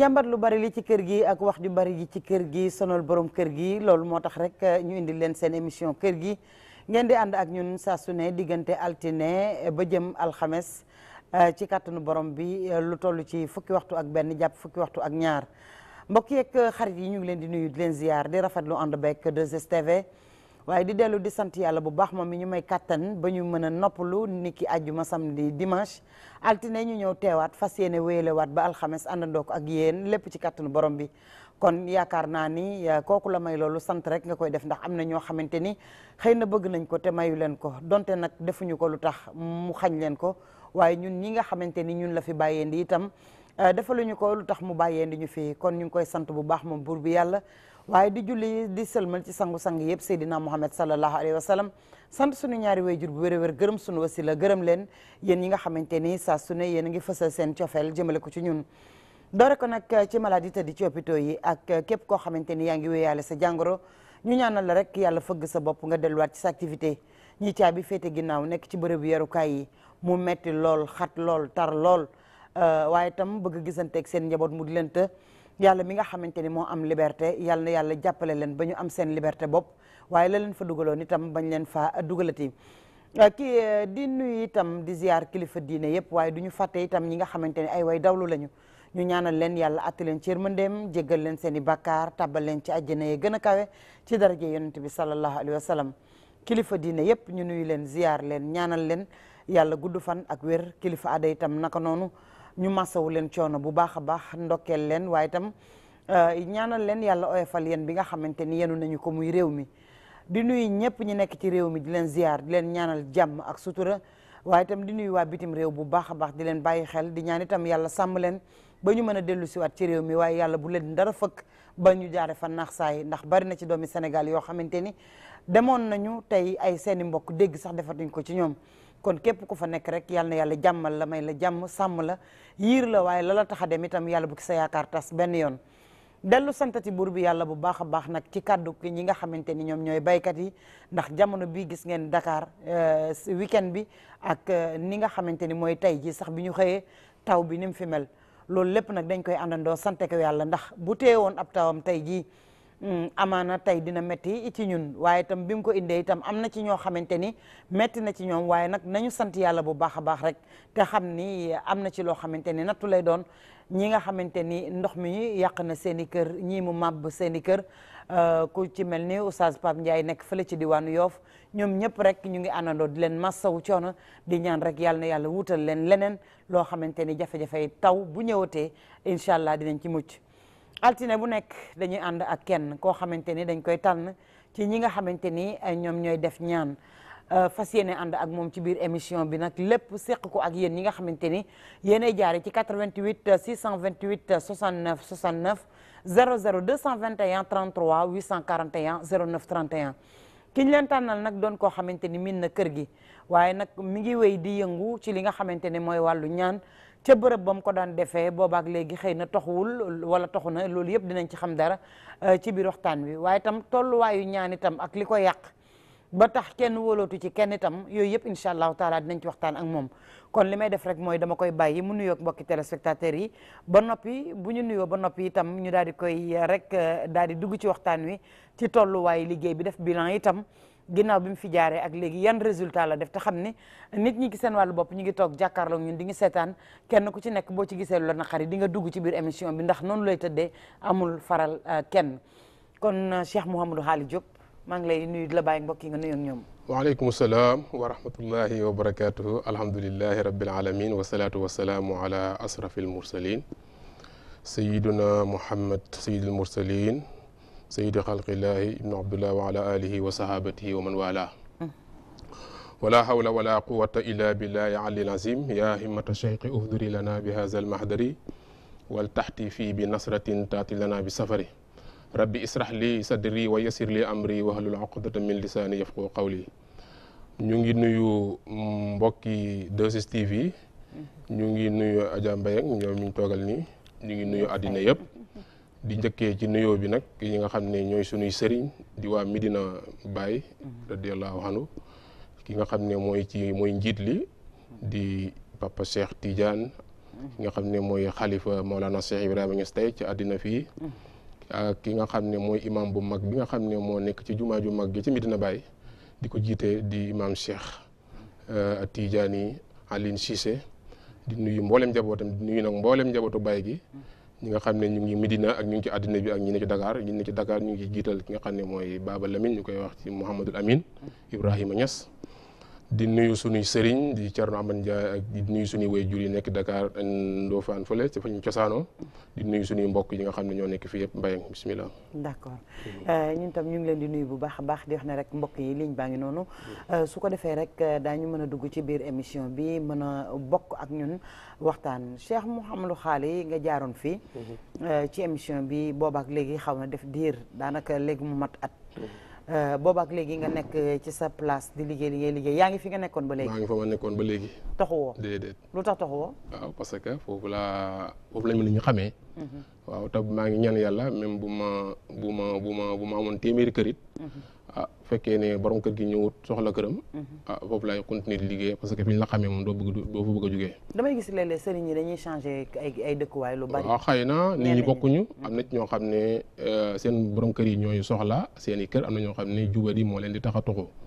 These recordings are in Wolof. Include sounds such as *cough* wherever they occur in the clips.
jambat lu bari li ci kër gi ak wax ju bari ji ci kër gi sonal borom kër gi loolu moo tax rek eh, ñu indi leen seen émission kër gi ngeen di ànd ak ñun saa su diggante altine eh, ba jëm alxames eh, ci kàttanu borom bi lu toll ci fukki waxtu ak benn jàpp fukki waxtu ak ñaar mbokk yeeg xarit yi ñu ngi leen di nuyu di leen ziar di rafetlu ànd beeg de stv waaye di dellu di sant yàlla bu baax moom mi ñu may kattan ba ñu mën a noppalu niki àjjuma samedi dimanche altine ñu ñëw teewaat fas yéene wéyalewaat ba alxames àndandoo ko ak yéen lépp ci kattanu borom bi kon yaakaar naa ni euh, kooku la may loolu sant rek nga koy def ndax am na ñoo xamante ni xëy na bëgg nañ ko te mayu leen ko donte nag defuñu ko lu tax mu xañ leen ko waaye ñun ñi nga xamante ni ñun la fi bàyyeen di itam euh, defaluñu ko lu tax mu bàyyeen di ñu fi kon ñu ngi koy sant bu baax moom buur bi yàlla waaye di julli di sëlmal ci sangu-sang yëpp Seydina Muhammad sallallahu alayhi wa sallam sant sunu ñaari wayjur bu wér wér gërëm sunu wasila gërëm leen yéen ñi nga xamante ni saa su ne yéen ngi fësal seen cofeel jëmale ko ci ñun doore ko nag ci maladie di ci hôpitaux yi ak képp koo xamante ni yaa ngi wéyaale sa jàngoro ñu ñaanal la rek yàlla fëgg sa bopp nga delluwaat ci sa activité ñi caabi féete ginnaaw nekk ci bërëbu yarukaay yi mu metti lool xat lool tar lool euh, waaye itam bëgg gisanteeg seen njaboot mu di leen të yàlla mi nga xamante ni moo am liberté yàlla na yàlla jàppale leen ba ñu am seen liberté bopp waaye la leen fa dugaloon itam bañ leen fa dugalati euh, kii euh, di nuyu itam di ziar kilifa diine yëpp waaye du ñu fàtte itam ñi nga xamante ni ay way dawlu lañu ñu ñaanal leen yàlla àtte leen ci yërmandeem jéggal leen seen i bàkkaar tàbbal leen ci àjjana yi gën a kawe ci daraje yonent bi sallallahu alayhi wa kilifa diine yëpp ñu nuyu leen ziar leen ñaanal leen yàlla gudd fan ak wér kilifa aada itam naka noonu ñu masawu leen coono bu baax a baax ndokkeel leen waaye itam euh, ñaanal leen yàlla oyofal yéen bi nga xamante ni yenu nañu ko muy réew mi di nuyu ñëpp ñi nekk ci réew mi di leen ziar di leen ñaanal jàmm ak sutura waaye itam di nuyu waa bitim réew bu baax a baax di leen bàyyi xel di ñaan itam yàlla sàmm leen ba ñu mën a dellu siwaat ci réew mi waaye yàlla bu leen dara fëkk ba ñu jaare fa naax saay ndax bari na ci doomi Sénégal yoo xamante ni demoon nañu tey ay seeni mbokk dégg sax defatuñ ko ci ñoom kon képp ku fa nekk rek yal na yàlla jàmmal la may la jàmm sàmm la yiir la waaye la la tax a dem itam yàlla bu ki sa yaakaar tas benn yoon dellu santati buur bi yàlla bu baax a baax nag ci kàddu ki ñi nga xamante ni ñoom ñooy baykat yi ndax jamono bii gis ngeen Dakar euh, weekend bi ak euh, ni nga xamante ni mooy tey ji sax bi ñu xëyee taw bi ni fi mel loolu lépp nag dañ koy àndandoo sante ko yàlla ndax bu woon ab tawam tey jii Hmm, amaana tey dina métti ci ñun waaye itam bi mu ko indee itam am na ci ñoo xamante ni métti na ci ñoom waaye nag nañu sant yàlla bu baax a baax rek te xam ni am na ci loo xamante ni nattu lay doon ñi nga xamante ni ndox mi yàq na seen i kër ñii mu màbb seen i kër euh, ku ci mel ni Oustaz Pape Ndiaye nekk fële ci diwaanu Yoff ñoom ñëpp rek ñu ngi àndandoo di leen massawu coono di ñaan rek yàlla na yàlla wutal leen leneen loo xamante ni jafe yi taw bu ñëwatee incha allah dinañ ci mucc altine bu nekk dañuy ànd ak kenn koo xamante ni dañ koy tànn ci ñi nga xamante ni eh, ñoom ñooy def ñaan eh, fas yéene ànd ak moom ci biir émission bi nag lépp seq ko ak yéen ñi nga xamante ni yéenay jaare ci 88 628 69 69 00 221 33 841 09 31 ki ñu leen tànnal nag doon koo xamante ni min na kër gi waaye nag mi ngi wéy di yëngu ci li nga xamante ne mooy wàllu ñaan ca bërëb ba ko daan defee boobaak léegi xëy na toxuwul wala toxu na loolu yëpp dinañ ci xam dara euh, ci biir waxtaan wi waaye itam tolluwaayu ñaan itam ak li ko yàq ba tax kenn wóolootu ci kenn itam yooyu yëpp incha allahu taala dinañ ci waxtaan ak moom kon li may def rek mooy dama koy bàyyi mu nuyook mbokki téléspectateurs yi ba noppi bu ñu nuyoo ba noppi itam ñu daal di koy euh, rek euh, daal di dugg ci waxtaan wi ci tolluwaayu liggéey bi def bilan itam ginnaaw bi mu fi jaaree ak léegi yan résultat la def te xam ne nit ñi ci seen wàllu bopp ñu ngi toog jàkkaarloo ñun di ngi seetaan kenn ku ci nekk boo ci gisee lu la naqari di nga dugg ci biir émission bi noon noonu lay tëddee amul faral euh, kenn kon euh, Cheikh Mouhamadou Haali Diop maa ngi lay nuyu la bàyyi mbokk yi nga nuyu ak ñoom. waaleykum salaam wa rahmatullahi wa barakaatuhu alhamdulillahi rabbil alamin wa salaatu wa salaamu ala asrafil mursalin sayyiduna Muhammad sayyidil mursalin sayidi xalqillaahi ibnu abdullah wa ala alihi wa sahabatihi wa man wala mm. wala hawla wala quwata illa billahi alil azim ya himmata cheikhi uhduri lana bi haza almahdari wal taxti fii bi nasratin taati lana bi safari rabbi israh li sadri wa yasir li amri wahlul uqdatan min lisaani yafqu qawli ñu ngi nuyu mbokki 2STV yi mm-hmm. ñu ngi nuyu Adja Mbaye ak ñoom ñu toogal nii ñu ngi nuyu àddina yëpp di njëkkee ci nuyoo bi nag ñi nga xam ne ñooy sunuy sëriñ di waa Medina Baye radiyallahu anhu ki nga xam ne mooy ci mooy njiit li di papa Cheikh Tidiane ki nga xam ne mooy xalifa Maolana Cheikh Ibrahima Niass tey ci àddina fii ak ki nga xam ne mooy imam bu mag bi nga xam ne moo nekk ci jumaa ju mag gi ci dina Baye di ko jiitee di imam Cheikh yi euh, Aline Cissé di nuyu mboolem njabootam di nuyu nag mbooleem njabootu Baye gi ñi nga xam ne ñu ngi Medina ak ñu ngi ci àddina ak ñu ne ci Dakar ñu ne ci Dakar ñu ngi jiital ki nga xam ne mooy Baba Lamine ñu koy wax ci Mouhamadul Amin Ibrahima Niass di nuyu suñuy sëriñ di na Amane Ndiaye ak di nuyu suñuy waajur yi nekk Dakar Ndofane fële ci fa ñu cosaanoo di nuyu suñuy mbokk yi nga xam ne ñoo nekk fii yëpp Mbayang bismillah d'accord euh, ñun tam ñu ngi leen di nuyu bu baax a baax di wax ne rek mbokk yi liñ baa ngi noonu euh, su ko defee rek euh, daañu mën a dugg ci biir émission bi mën a bokk ak ñun waxtaan Cheikh Mouhamadou Xaali nga jaaroon fii mhm. ci émission bi boobaak léegi xaw na def diir daanaka léegi mu mat at mhm. Euh, boobaak léegi nga nekk ci sa place di liggéey ngay liggéey yaa ngi fi nga nekkoon ba léegi. maa ngi fa ma nekkoon ba léegi. taxawoo déedéet. lu tax taxawoo. waaw parce que foofu laa foofu lañ mën ñu xamee. Mhm. waaw te maa ngi ñaan yàlla même bu ma bu ma bu ma bu ma amoon téeméeri kër it. Mhm. fekkee ne borom kër gi ñëwut soxla këram. Mhm. Ah, foofu laay continuer liggéey parce que fi ñu la xamee moom doo bëgg doo fa bëgg a damay gis léeg-léeg sëriñ yi dañuy changer ay ay dëkkuwaay lu bari. waaw ah, xëy na nit ñi bokkuñu. Mhm. am na ci ñoo xam ne euh, seen borom kër yi ñooy soxla seen i kër am na ñoo xam ne jubari moo leen di tax a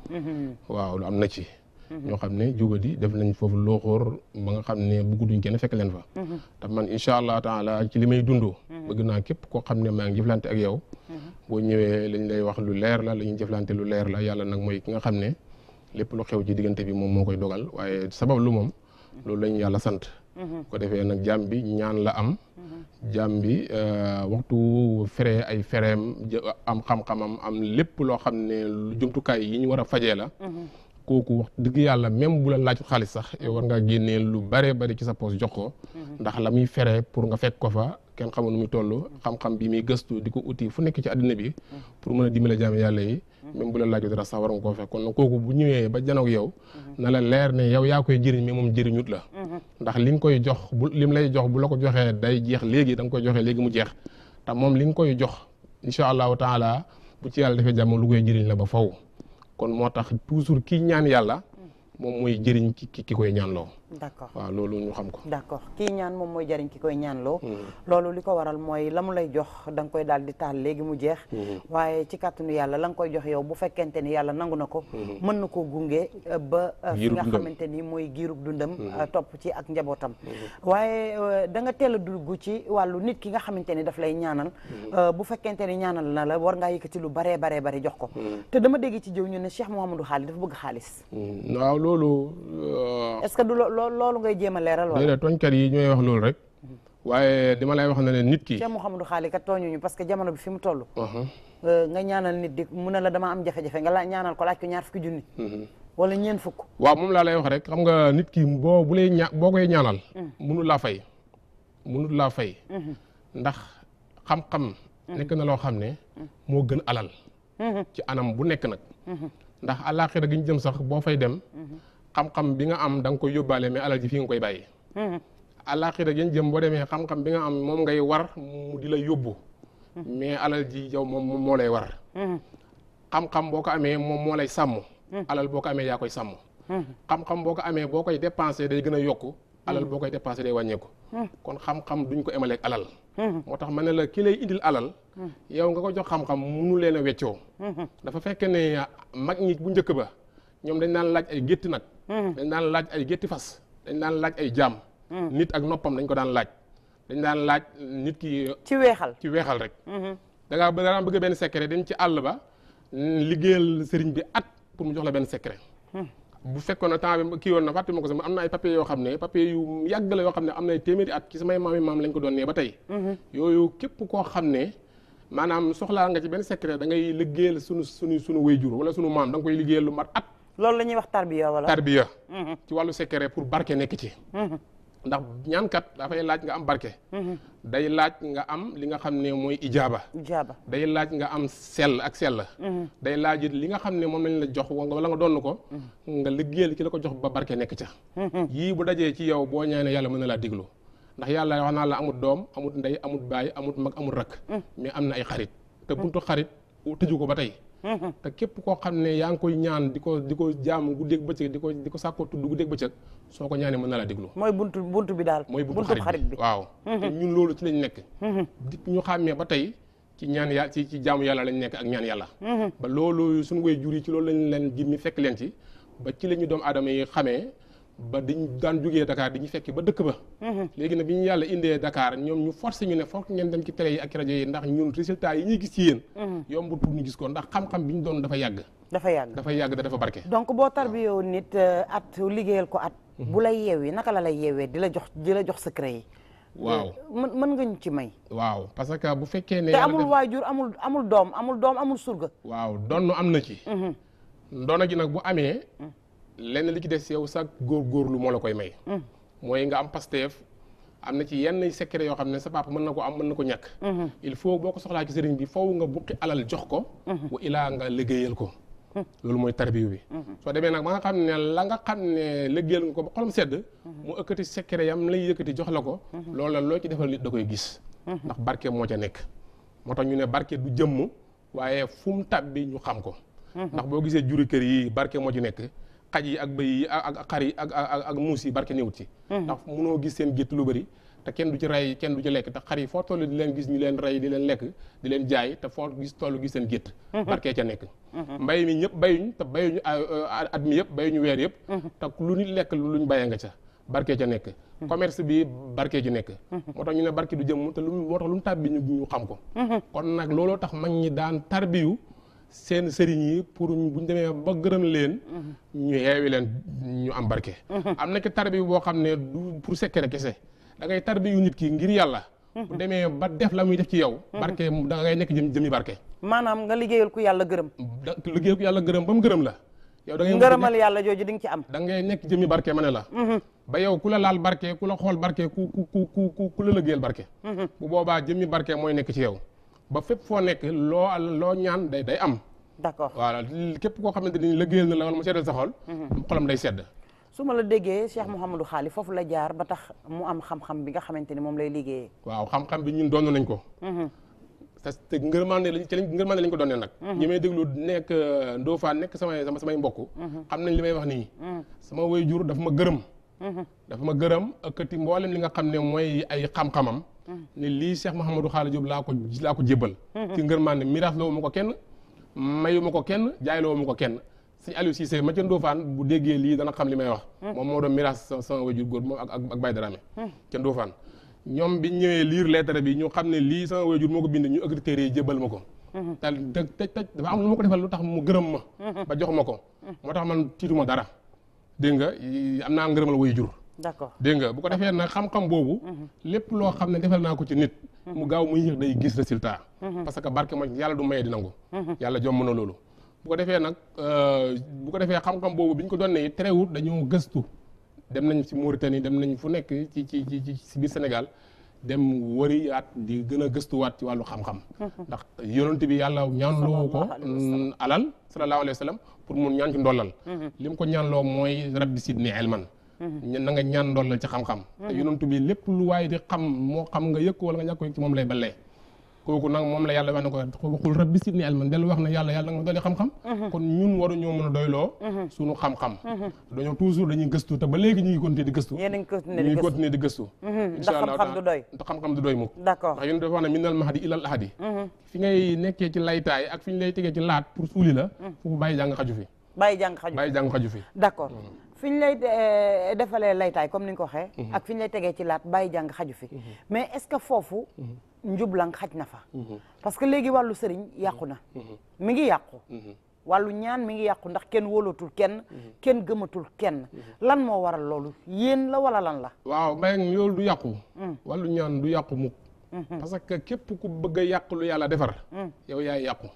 mhm. waaw lu am na ci. ñoo mhm. xam ne jubadi def nañ foofu looxoor ma nga xam ne bëgg duñ kenn fekk leen fa mhm. te man incha allah la ci li may dund mhm. bëgg naa képp koo xam ne maa ngi jëflante ak yow boo ñëwee lañ lay wax lu leer la la ñuy jëflante lu leer la yàlla nag mooy ki nga xam ne lépp lu xew ci diggante bi moom moo koy dogal waaye sabab lu moom loolu lañu yàlla sant ko defee nag jàmm bi ñaan la am jàmm bi euh, waxtu fere ay fereem am xam-xamam am lépp loo xam ne lu jumtukaay yi ñu war a fajee la kooku dëgg yàlla même bu la laaj xaalis sax war ngaa génnee lu bare bari ci sa poos jox ko mhm. ndax la muy fere pour nga fekk ko fa kenn xamul nu muy toll xam bi muy gëstu di ko uti fu nekk ci àddina bi mhm. pour mën a dimbale jaam yàlla yi mhm. bu la laaju dara sax koo fekk kon nag kooku bu ñëwee ba janoog yow na la leer ne yow yaa koy jëriñ mais moom jëriñut la ndax li nga koy jox bu lim lay jox bu la ko joxee day jeex léegi da nga koy joxee léegi mu jeex te moom li nga koy jox incha allahu taala bu ci yàlla defee jàmm lu koy jëriñ la ba faw kon moo tax toujours kiy ñaan yàlla moom mooy jëriñ ki ki koy ñaanloo d' accord waaw loolu ñu xam ko. d' accord kii ñaan hmm. li ko waral mooy la mu lay jox da koy daal di taal léegi mu jeex. Hmm. waaye ci kàttanu yàlla la nga koy jox yow bu fekkente ni yàlla nangu na ko. Hmm. mën na koo gunge uh, ba. Uh, fi nga xamante ni mooy giiru dundam. Uh, topp ci ak njabootam. waaye da nga teel a dugg ci wàllu nit ki nga xamante ni daf lay ñaanal. bu fekkente ni ñaanal na la war ngaa yëkkati lu baree baree bare jox ko. te dama dégg ci jëw ñu ne Cheikh Mouhamadou Xaalis dafa bëgg xaalis. waaw loolu. est ce que du loolu loolu ngay jéem a leeral wala déedéet tooñkat yi ñooy wax loolu rek waaye dama lay wax ne leen nit ki Cheikh Mouhamadou Xaali kat uh-huh. la dama am ko laaj ko ñaar fukki junni uh-huh. wala ñeen fukk waaw moom laa lay wax rek xam nga nit ki boo bu lay ña boo koy ñaanal mm. mënul laa fay mënul laa fay mm-hmm. ndax xam-xam mm. nekk na loo xam ne mm. moo gën alal mm-hmm. ci anam bu nekk nag mm-hmm. ndax àllaaxira gi ñu jëm sax boo fay dem xam-xam bi nga am da nga koy yóbbaale mais alal ji fi nga koy bàyyi àllaaxira hmm. yéen jëm boo demee xam-xam bi nga am moom ngay war mu di la yóbbu hmm. mais alal ji yow moom moo lay war hmm. xam-xam boo ko amee moom moo lay sàmm alal boo ko amee yaa koy sàmm xam-xam boo ko amee boo koy dépensé day gën a yokku alal boo koy dépensé day wàññeeku kon xam-xam duñ ko emaleeg alal moo tax ma ne la ki lay indil alal yow nga ko jox xam-xam munu leen a weccoo dafa fekk ne mag ñi bu njëkk ba ñoom dañ naan laaj ay gétt nag Hmm. dañ daan laaj ay gétti fas dañ daan laaj ay jaam hmm. nit ak noppam dañ ko daan laaj dañ daan laaj nit ki ci weexal ci weexal rek hmm. da ngaa da daan bëgg benn secret dem ci àll ba liggéeyal sëriñ bi bi kii woon na fàtte ma ko sama ne papier yu yàgg na ay téeméeri at lañ ko doon ba tey yooyu képp koo xam ne maanaam soxlaa nga ci benn secret da ngay liggéeyal sunu sunu sunu wayjur wala sunu maam da nga koy liggéeyal lu mat at loolu la ñuy wax tarbiya wala. tarbiya. Mhm. ci wàllu secret pour barke nekk ci. Mhm. ndax ñaankat dafay laaj nga am barke. Mhm. day laaj nga am li nga xam ne mooy ijaaba. ijaaba day laaj nga am sell ak sell. day laaj li nga xam ne moom lañ la jox wala nga doon ko. nga liggéeyal ki la ko jox ba barke nekk ca. yii bu dajee ci yow boo ñaanee yàlla mën na laa diglu ndax yàlla wax naa la amut doom amut ndey amut baay amut mag amut rakk. mais am na ay xarit. te buntu xarit tëju ko ba tey. te képp koo xam ne yaa ngi koy ñaan di ko di ko jaam guddeeg bëccëg di ko di ko sàkkoo tudd guddeeg bëccëg soo ko ñaanee mën na la déglu mooy buntu buntu bi daal mooy buntu xarit bi waaw te ñun loolu ci lañ nekk dip ñu xàmmee ba tey ci ñaan yàlla ci ci jaamu yàlla lañ nekk ak ñaan yàlla ba loolu suñu way jur ci loolu lañ leen jimmi fekk leen ci ba ci la ñu aadama yi xamee ba dañ daan jógee Dakar di ñu fekki ba dëkk ba mhm. léegi nag bi ñu yàlla indee Dakar ñoom ñu forcé ñu ne foog ngeen dem ci télé yi ak rajo yi ndax ñun résultat yi ñuy gis ci yéen mhm. yombu pour ñu gis ko ndax xam-xam bi ñu doon dafa yàgg dafa yàgg dafa yàgg da dafa barke donc boo tarbiyoo nit euh, at liggéeyal ko at mhm. bu lay yeewee naka la lay yeewee di la jox di la jox secret yi waaw euh, mën mën nga ñu ci may waaw parce que bu fekkee ne te amul waajur amul amul doom amul doom amul surga waaw donn am na ci ndono lenn li ci des yow góor góorgóorlu moo la koy may. Mm. mooy nga am pasteef am na ci yenn secret yoo xam ne sa papa mën na ko am mën na ko ñàkk. Mm-hmm. il faut boo ko soxlaa ci sëriñ bi faw nga buqi alal jox ko. Mm-hmm. wa ko. Mm-hmm. loolu mooy tarbiyu bi. soo demee nag ba nga xam ne la nga xam ne liggéeyal nga ko ba xolam sedd. mu ëkkati secret yam lay yëkkati jox la ko. loolu la loo ci defal nit da koy gis. ndax barke moo ca nekk. moo tax ñu ne barke du jëmm waaye fu mu tàbbi ñu xam ko. ndax boo gisee juri kër yi barke moo ci nekk. xaj yi ak bëy yi ak xar yi ak ak muus yi barke néewut ci mhm. ndax munoo gis seen gétt lu bëri te kenn du ci rey kenn du ci lekk te xar yi foo toll di leen gis ñu leen rey di leen lekk di leen jaay te foo gis toll gis seen gétt mhm. barkee ca nekk mhm. mbay mi ñëpp bayuñ te bayuñ at mi bayuñu weer yëpp te lu nit lekk luñ bayee nga ca barkee ca nekk commerce bi barke ji nekk moo tax ñu ne barke du jëm te lu moo tax lu mu tàbbi ñu xam ko kon nag looloo tax seen sëriñ yi pour bu ñu demee ba gërëm leen. ñu xeewi leen ñu am barke. *laughs* am na ki tarbi boo xam ne du pour sekkere kese da ngay tarbi yu nit ki ngir yàlla. *laughs* bu demee ba def la muy def ci yow. *laughs* barke da ngay nekk jëm jëmi barke. maanaam nga liggéeyal ku yàlla gërëm. da liggéeyal ku yàlla gërëm ba mu gërëm la. yow da ngay ngërëmal yàlla jooju di nga ci am. da ngay nekk jëmi barke ma ne la. Mm-hmm. ba yow ku la laal barke ku la xool barke ku ku ku ku ku la liggéeyal barke. Mm-hmm. bu boobaa jëmi barke mooy nekk ci yow. ba fépp foo nekk loo loo ñaan day day am. d'accord voilà képp koo xamante ni liggéeyal na la wala mu seddal sa xol. Mm-hmm. xolam day sedd. su ma la déggee Cheikh Mouhamadou Xaali foofu la jaar ba tax mu am xam-xam bi nga xamante ni moom lay liggéeyee. waaw xam-xam bi ñun doon nañ ko. parce mm-hmm. que ngërmaande lañ ci lañ ngërmaande lañ ko doonee nag. Mm-hmm. ñi may déglu nekk euh, Ndofane nekk samay samay mbokk. xam nañ li may wax nii. sama waajur dafa ma gërëm. dafa ma gërëm ëkkati mboolem li nga xam ne mooy ay xam-xamam. ne lii Cheikh Mouhamadou Xaali Diop laa ko laa ko jébbal mm-hmm. ci ngërmande miraas la wu ma ko kenn mayu ma ko kenn jaay la wu ma ko kenn si Aliou Cissé ma ca Ndofane bu déggee lii dana xam li may wax mm-hmm. moom moo doon miraas sama wajur góor moom ak ak Baye Dramé mm-hmm. ca ñoom bi ñëwee lire lettre bi ñu xam ne lii sama wajur moo ko bind ñu ëkkati téere yi jébbal ma ko tal tëj tëj tëj dafa am lu ma ko defal lu tax mu gërëm ma ba jox ma ko moo tax man tiituma dara dégg nga am naa ngërëmal wajur d'accord dégg nga bu ko defee nag xam-xam boobu mhm. lépp loo xam ne defal naa ko ci nit mhm. mu gaaw muy yéex day gis résultat mhm. parce que barke ma yàlla du maye di nangu yàlla jomm na loolu bu ko defee nag euh, bu ko defee xam-xam boobu bi ñu ko donnee terewut dañoo gëstu dem nañ ci Mauritanie dem nañ fu nekk ci ci ci ci biir Sénégal dem wëri at di gën a gëstuwaat ci wàllu xam-xam ndax yonent bi yàlla ñaanloo ko mm, alal sallallahu alayhi wa sallam pour mun ñaan ci ndollal li mu ko ñaanloo mooy Mm-hmm. na nga ñaan ndollal ci xam-xam mm-hmm. te yonent bi lépp lu waaye di xam moo xam nga yëg ko wala nga ñàkk ko yëg ci moom lay ballee kooku nag moom la yàlla wax ne ko waxul rabbi sidni ilman dellu wax ne yàlla yàlla nga ma dolli xam-xam mm-hmm. kon ñun waru ñoo mën a doyloo suñu xam-xam dañoo toujours dañuy gëstu te gëstu ndax xam-xam du doy mukk ndax yun dafa wax ne minal mahdi ilal ahadi fi ngay nekkee ci laytaay ak fi ñu lay tegee ci laat pour suuli la mm. foofu bàyyi jàng xaju fi bàyyi jàng xaju fi bàyyi jàng fi ñu lay eh, defalee laytaay comme ni nga ko waxee. Mhm. ak fi ñu lay tegee ci laat bàyyi jàng xaju fi. Mhm. mais est-ce que foofu. Mhm. njublang xaj na fa. parce que léegi wàllu sëriñ yàqu na. mi ngi yàqu. wàllu ñaan mi ngi yàqu ndax kenn wóolatul kenn. kenn gëmatul kenn. lan moo waral loolu yéen la wala lan la. waaw mbay loolu du yàqu. Mm. wàllu ñaan du yàqu mukk. parce que képp ku bëgg a lu yàlla defar. Mm. yow yaay yàqu.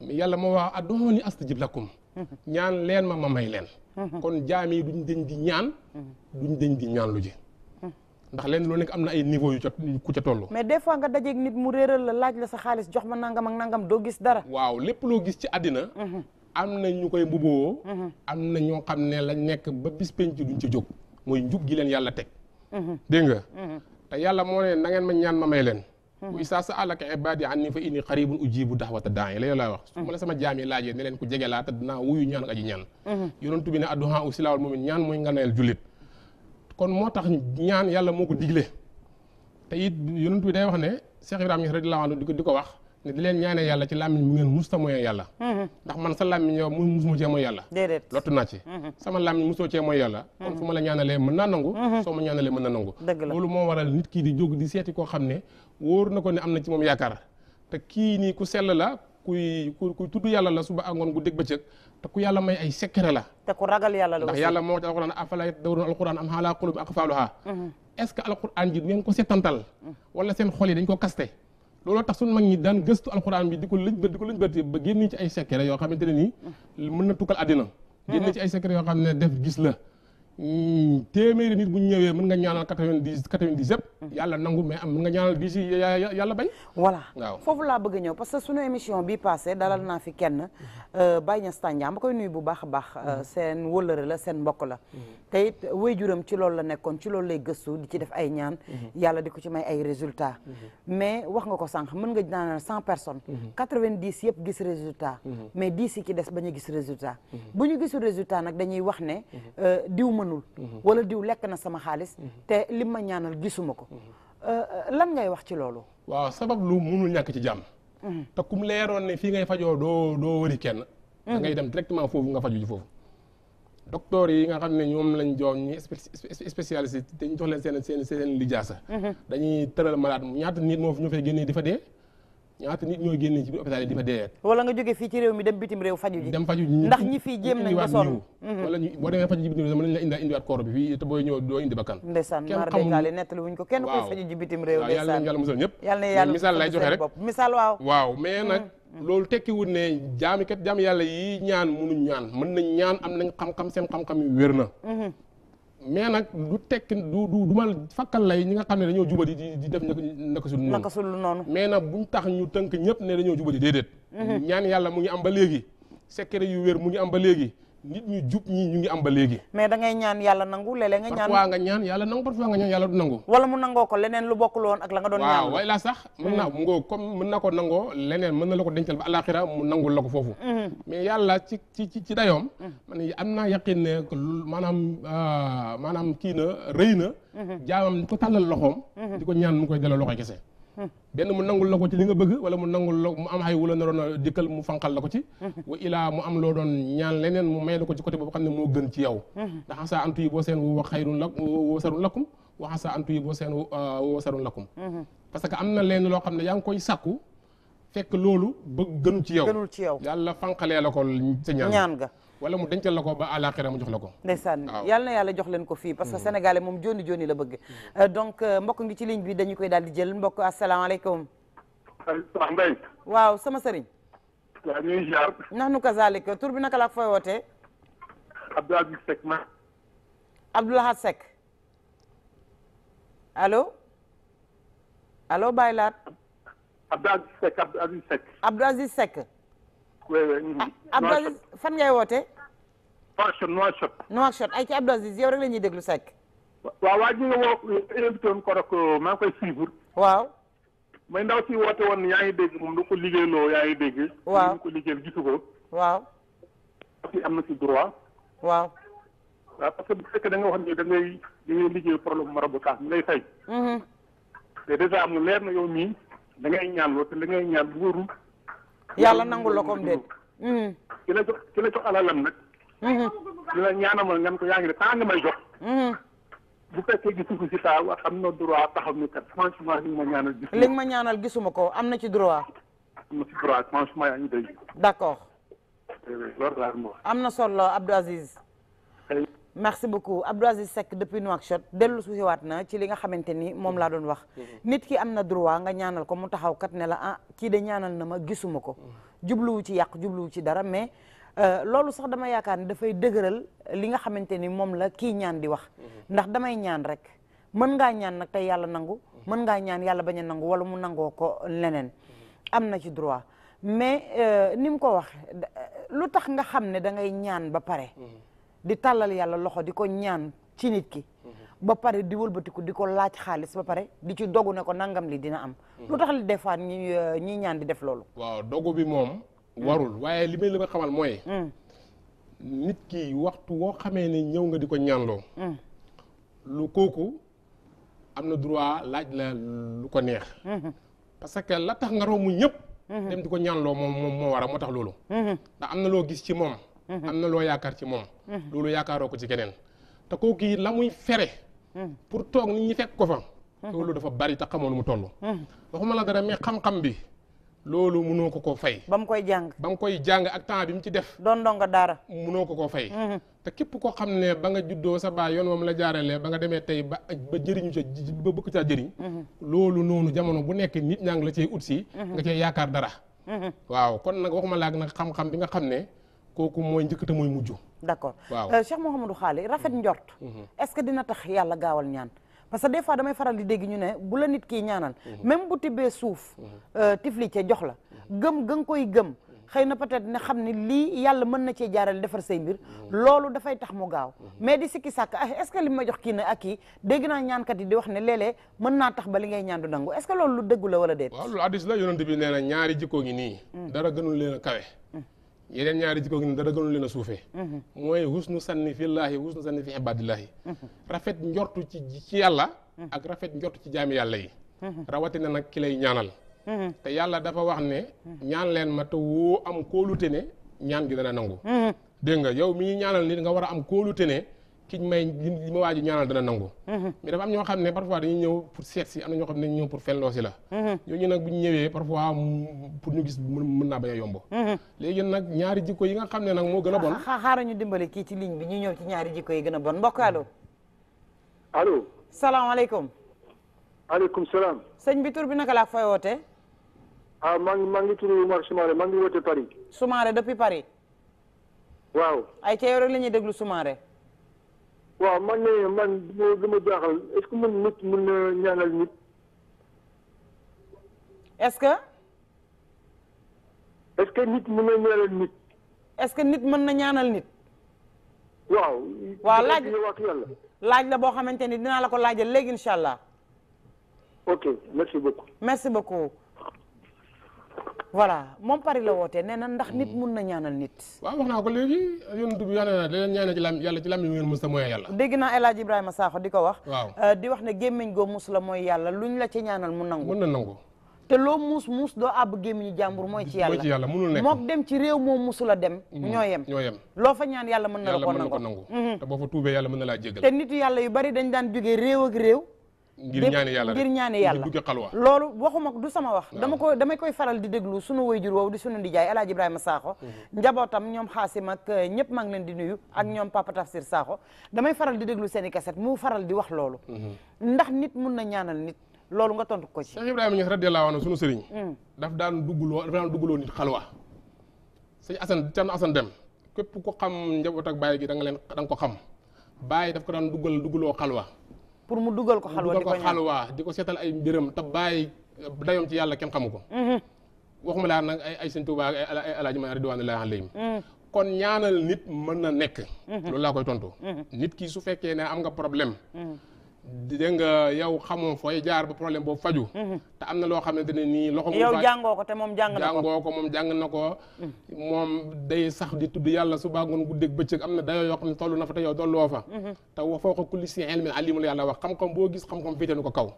yàlla moo wax adduuni astajib lakum. Mm-hmm. ñaan leen ma ma may leen. Mhm. kon jaam yi duñ dëñ di ñaan. Mhm. duñ dëñ di ñaan lu ji. Mhm. ndax leen lu nekk am na ay niveau yu ca ku ca toll. mais des fois nga dajeeg nit mu réeral la laaj la sa xaalis jox ma nangam ak nangam doo gis dara. waaw lépp loo gis ci àddina. am na ñu koy mbuboo. am na ñoo xam ne lañ nekk ba bis penc duñ ca jóg. mooy njub gi leen yàlla teg. dégg nga. te yàlla moo ne na ngeen ma ñaan ma may leen. bu mhm. isaa sa alaka ibaadi anni fa inni qaribun la laa la sama jaam yi laajee ne mhm. bi ne adduhaa u silaawul mu'min ñaan mooy nganeel jullit kon moo tax ñaan yàlla moo ko digle te it yonent bi day wax ne Cheikh Ibrahima Niass radiyallahu anhu di ko di ko wax ne di leen ñaanee yàlla ci mu ngeen musta mooy yàlla mhm. ndax man sa làmmiñ mu musuma cee mooy yàlla déedéet lottu naa ci sama làmmiñ musoo cee mooy yàlla kon fu ma la ñaanalee mën naa nangu soo ma ñaanalee mën na nangu loolu moo waral nit kii di jóg di seeti koo xam ne wóor na ko ne am na ci moom yaakaar te kii nii ku sell la kuy kuy tudd yàlla la suba angoon gu dégg bëccëg te ku yàlla may ay secret la. te ku ragal yàlla la ndax yàlla moo ci alquran afala yatadabbaruuna alquran mhm. ko settantal wala seen xol yi dañ ko kaste looloo tax suñu mag ñi daan gëstu alquran bi di ko lëñbët di ko lëñbët ba génn ci ay secret yoo xamante ne nii mhm. mën na tukkal àddina mhm. génn ci ay secret yoo xam ne def gis la téeméeri nit bu ñu ñëwee mën nga ñaanal quatre-vingt-dix quatre mm. yàlla nangu mais am mën nga ñaanal yàlla bañ voilà foofu laa bëgg ñëw parce que suñu émission bi passé dalal mm. naa fi kenn euh, Baye Niass Tandian ba koy nuyu bu baax a baax euh, mm. seen wëllëre la seen mbokk la te it waajuram ci loolu la nekkoon ci loolu lay gëstu di ci def ay ñaan mm-hmm. yàlla di ko ci may ay résultats mm-hmm. mais wax nga ko sànq mën nga ñaanal cent personnes mm-hmm. quatre-vingt-dix yëpp gis résultat mais dix yi ci des bañ a gis résultat bu nag dañuy wax euh, mënul mhm. wala diw lekk na sama xaalis mhm. te li ma ñaanal gisuma ko mhm. euh, euh, lan ngay wax ci loolu waaw sabab lu mënul ñàkk ci jàmm te kum leeroon ne fii ngay fajoo doo doo wëri kenn da dem directement foofu nga faju ji foofu docteur yi nga xam ne ñoom lañ jox ñi spécialiste dañ jox leen seen seen seen lijaasa dañuy tëral malade ñaata nit moo fi ñu fay génnee di fa dee ñaata nit ñoo génne ci biir hôpital yi di fa dee wala nga jóge fii ci réew mi dem bitim réew faju ji dem faju ji ndax ñi fii jéem nañ ba sonn mhm. wala ñu la indi indiwaat koor bi fii te wuñ ko kenn koy faju ji bitim réew ndeysaan yàlla yàlla musal ñëpp na misaal lay joxe rek misaal waaw waaw mais nag mhm. loolu tekkiwul jaami kat jaam yàlla yi ñaan munuñ ñaan mën nañ ñaan am nañ xam-xam seen xam-xam wér na mhm. mais nag du tekki du du du ma fakkal lay ñi nga xam ne dañoo juba di di def naka sulu noonu mais nag buñ tax ñu tënk ñëpp ne dañoo jubadi déedéet mhm. ñaan yàlla mu ngi am ba léegi secret yu wér mu ngi am ba léegi nit ñu jub ñi ñu ngi am ba léegi mais dangay ñaan yàlla nangu léeg-léeg nga ñaan parfois nga ñaan yàlla nangu parfois nga ñaan yàlla du nangu wala mu nangoo ko leneen lu bokkul woon ak la nga doon ñaan waaw way laa sax mën naa mm. mu na ko nangoo leneen la ko dencal ba alaxira mu nangul la ko foofu mm-hmm. mais yàlla ci ci ci ci dayoom mm. man am naa yaqin ne maanaam euh, maanaam kii na rëy na mm-hmm. jaamam di ko tàllal loxoom mm-hmm. di ko ñaan mu koy delloo loxo kese benn mu nangul la ko ci li nga bëgg wala mu nangul la mu am ay wula naroon a dikkal mu fanqal la ko ci wa ilaa mu am loo doon ñaan leneen mu may la ko ci côté boobu xam ne moo gën ci yow ndax xasaa antu yi boo seen wa xayrun lak wa sarun lakum wa xasaa antu yi boo seen ah, wa sarun lakum parce que am na leen loo xam ne yaa ngi koy sàkku fekk loolu ba gënu ci yow gënul ci yow yàlla fanqalee la ko sa ñaan ñaan ga wala mu dencal la ko ba àllaaxira mu jox la ko ndeysaan yàlla na yàlla jox leen ko fii parce que mm-hmm. sénégalais moom joni joni la bëgg mm-hmm. euh, donc euh, mbokk ngi ci ligne bi dañu koy daal di jël mbokk asalaamaaleykum sax mbay waaw sama sëriñ nax nu kazalik tur bi naka laa fooy wootee Abdoulaye Seck ma Abdoulaye Seck allo allo bàyyi laat Abdoulaye Seck Abdoulaye Seck Ah, Abdou Aziz fan ngay woote. Nouakchott Nouakchott. Nouakchott ay ci Abdou Aziz yow rek la ñuy déglu Seck. waaw waa ji nga woo invité woon ko rek euh, maa ngi koy suivre. waaw. may ndaw si woote woon yaa ngi dégg moom du ko liggéeyloo yaa ngi dégg. waaw du ko liggéeyal gisu ko. waaw. aussi am na si droit. waaw. waaw parce que bu fekkee da nga wax ne da ngay da ngay liggéey problème marabu kaas mi ngay fay. te mm-hmm. dèjà mu leer na yow mii da ngay ñaan lool te li ngay ñaan bu wóorul. yàlla nangul la comme déet. Hmm. ki la jox ki la jox alalam nag. Hmm. di la ñaanamal ñam ko yaa ngi ne nga may jox. Hmm. bu fekkee gisuñu si taa wax am na droit taxaw ni kat franchement li nga ma ñaanal gisuma. li ma gisuma ko am na ci droit. am na ci droit d' accord. Eh loolu am na sol solo Abdou Aziz. merce merci beaucoup Abdou Aziz Seck depuis Nouakchott dellu su waat na ci li nga xamante ni moom laa doon wax mhm. nit ki am na droit nga ñaanal ko mu taxaw kat ne la ah kii de ñaanal na ma gisuma ko mhm. jubluwu ci yàq jubluwu ci dara mais euh, loolu sax dama yaakaar ni dafay dëgëral li nga xamante ni moom la kii ñaan di wax mhm. ndax damay ñaan rek mën ngaa ñaan nag tey yàlla nangu mën ngaa ñaan yàlla bañ a nangu wala mu nangoo ko leneen am na ci droit mais euh, ni mu ko wax lu tax nga xam ne da ngay ñaan ba pare di tàllal yàlla loxo di ko ñaan ci nit ki ba pare di wëlbatiku di ko laaj xaalis ba pare di ci dogu ne ko nangam li dina am lu tax li des fois ñi euh, ñaan di def loolu waaw dogu bi moom warul waaye li may la ma xamal mooy hmm. nit ki waxtu woo xamee ne ñëw nga di ko ñaanloo hmm. lu kooku am na droit laaj la lu ko neex hmm. parce que la tax nga romb ñëpp dem di ko ñaanloo moom moom moo war a moo tax loolu ndax am na loo gis ci moom am na loo yaakaar ci moom Mhm. loolu yaakaaroo ko ci keneen te kooku yi la muy fere mhm. pour toog nit ñi fekk ko fa mhm. loolu dafa bari te xamoo lu mu toll waxuma la dara mais xam-xam bi loolu mënoo ko koo fay ba mu koy jàng ba mu koy jàng ak temps bi mu ci def doon donga daara mënoo ko koo fay te képp koo xam ne ba nga juddoo sa baay yoon moom la jaaralee ba nga demee tey ba ba jëriñu ca ba bëgg caa jëriñ loolu noonu jamono bu nekk nit ñaa ngi la cay ut si nga cay yaakaar dara waaw kon nag waxuma laak nag xam-xam bi nga xam ne kooku mooy njëkk te mooy mujj d' accord waaw euh, Cheikh Mouhamadou Xaali rafet mm-hmm. njort mm-hmm. est ce que dina tax yàlla gaawal ñaan parce que des fois damay faral di dégg ñu ne bu la nit kii ñaanal mm-hmm. même bu tibbee suuf euh, tifli ca jox la gëm gën koy gëm xëy na peut-être ne xam ni lii yàlla mën na cee jaaral defar say mbir loolu dafay tax mu gaaw mais di sikki sàkk ah est-ce que li ma jox kii na ak kii dégg naa ñaankat yi di wax ne léeg mën naa tax ba li ngay ñaan du nangu est-ce que loolu lu la wala déet waaw loolu addis la yonent yeneen ñaari jikko gi dara gënu leen a suufee mhm. mooy husnu sanni fillaahi husnu sanni fi ibaadillaahi mhm. rafet njortu ci ci yàlla mhm. ak rafet njortu ci jaami yàlla yi rawatina nag ki lay ñaanal te yàlla dafa wax ne ñaan leen ma te woo am kóolute ne ñaan gi dana nangu dégg nga yow mi ñaanal nit nga war a am kóolute ne ki may li ma waaju ñaanal dana nangu mhm. mais dafa am ñoo xam ne parfois dañuy ñëw pour seet si am na ñoo xam ne dañuy pour fenloo si la mhm. ñooñu nag bu ñu ñëwee parfois pour ñu gis mën naa bañ a yomb mhm. léegi nag ñaari jikko yi nga xam ne nag moo gën a bon xaaral ñu dimbali kii ci ligne bi ñu ñëw ci ñaari jikko yi gën a bon mbokk allo allo salaamaaleykum aleykum salaam sëñ bi tur bi naka laa fooy wootee ah maa ngi maa ngi tudd Oumar Soumaré maa ngi wootee Paris Soumaré depuis waaw ay ca rek la ñuy déglu waaw man ne man moo gën a jaaxal est-ce nit mën na ñaanal nit. est-ce que. nit mën na ñaanal nit. est-ce que nit mën na ñaanal nit. waaw. waaw laaj laaj la boo xamante ni dinaa la ko laajal léegi incha allah. ok merci beaucoup. merci beaucoup. voilà moom Paris la euh, wootee nee na ndax nit euh. mun na ñaanal nit waaw wax naa ko léegi yonent bi yàlla na leen ñaanal ci lam yàlla ci lam yi la mooy yàlla dégg naa ko wax waaw euh, di wax ne gémmiñ goo mus la mooy yàlla la ci ñaanal mu nangu mun na nangu te loo muus muus doo àbb gémmiñu jàmbur mooy ci yàlla yàlla mënul nekk mook dem ci réew moo musula dem mm-hmm. ñoo yem ñoo yem loo fa ñaan yàlla na la ko nangu mm-hmm. te boo fa na laa jégal te nitu yu bari dañ daan jógee réew ak ngir ñaani yàlla ngir ñaani yàlla loolu waxuma du sama wax dama ko damay koy faral di déglu sunu wayjur woowu di sunu ndijaay El Hadj Ibrahima Sakho mhm. njabootam ñoom xaasim ak euh, ñëpp maa ngi leen di nuyu ak ñoom Papa Tafsir Sakho damay faral di déglu seen i kaset mu faral di wax loolu mhm. ndax nit mun na ñaanal nit loolu nga tontu ko ci Cheikh Ibrahima Niass radiyallahu anhu sunu sëriñ mm. daf daan dugg daf daan dugguloo nit xalwa sëñ Assane asan Assane Deme képp ko xam njaboot ak bàyyi gi da nga leen da nga ko xam bàyyi daf ko daan duggal dugguloo xalwa pour mu dugal ko xalwa di ko xalwa di ko seetal ay mbiram te bàyyi dayoom ci yàlla kenn xamu ko mhm. waxuma laa nag ay ay sëñ Tuubaa ay ay alaaji ma ridwaanulaahi alayhim mhm. kon ñaanal nit mën na nekk mhm. loolu laa koy tontu nit ki su fekkee ne am nga problème dégg nga yow xamoo fooy jaar ba problème boobu faju mhm. te am na loo xamante ne nii loxo yow jàngoo ko te moom jàng na ko jàngoo ko moom jàng na ko mhm. moom day sax di tudd yàlla suba ngoon guddeeg bëccëg am na dayoo yoo xam ne toll na fa te yow tolloo fa mhm. te wa foo ko kulli si ilmin alimul yàlla wax xam-xam boo gis xam-xam féeteenu ko kaw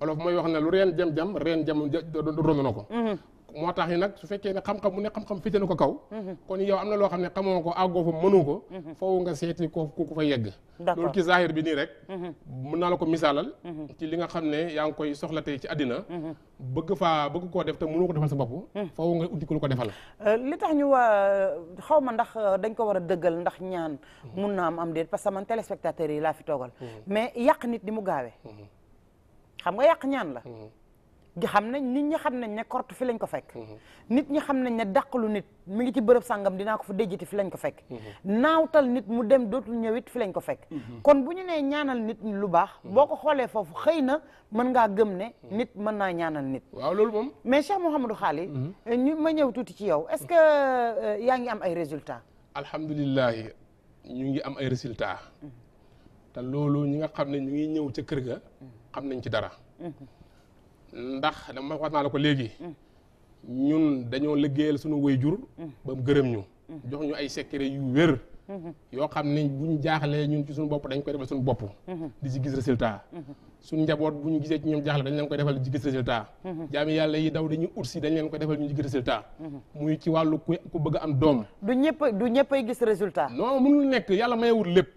olof mooy wax ne lu reen jam-jam reen jam ronu na ko moo tax yi nag su fekkee ne xam-xam mu ne xam-xam féete na ko kaw mhm. kon yow am na loo xam ne xamoo ko àggoo fa mënoo ko mhm. foofu nga seeti ko ku ko fa yegg loolu ci zahir bi nii rek mhm. mën naa la ko misaalal ci li nga xam ne yaa ngi koy soxla tey ci àddina bëgg faa bëgg koo def te mënoo ko defal sa bopp foofu nga uti ko lu ko defal euh, li tax ñu waa euh, xaw ma ndax euh, dañ ko war a dëggal ndax ñaan mun naa am am déet parce que man téléspectateurs yi laa fi toogal mais yàq nit di mu gaawee xam nga yàq ñaan la gi xam nañ nit ñi xam nañ ne korte fi lañ ko fekk mhm. nit ñi xam nañ ne lu nit mu ngi ci bërëb sàngam dinaa ko fa déjjiti fi lañ ko fekk mhm. naawtal nit mu dem dootul ñëwit fi lañ ko fekk mhm. kon bu ñu nee ñaanal nit lu baax boo ko xoolee foofu xëy na mën ngaa gëm ne nit mën naa ñaanal nit waaw loolu moom mais Cheikh Mouhamadou Xaali ñu ma ñëw tuuti ci yow est-ce que euh, yaa ngi am ay résultats alhamdulilah ñu ngi am ay résultats te loolu ñi nga xam ne ñu ngi ñëw ca kër ga xam nañ ci dara ndax dama wax naa la ko léegi ñun dañoo liggéeyal suñu way jur ba mu gërëm ñu jox ñu ay secret yu wér yoo xam ne buñ jaaxlee ñun ci suñu bopp dañ koy defal suñu bopp di ci gis résultat suñu njaboot bu ñu gisee ci ñoom jaaxle dañ leen koy defal di ci gis résultat jaami yàlla yi daw dañuy ut si dañ leen koy defal ñu ci gis résultat muy ci wàllu ku ku bëgg a am doom du ñëpp du ñëpp ay gis résultat non mënul nekk yàlla mayewul lépp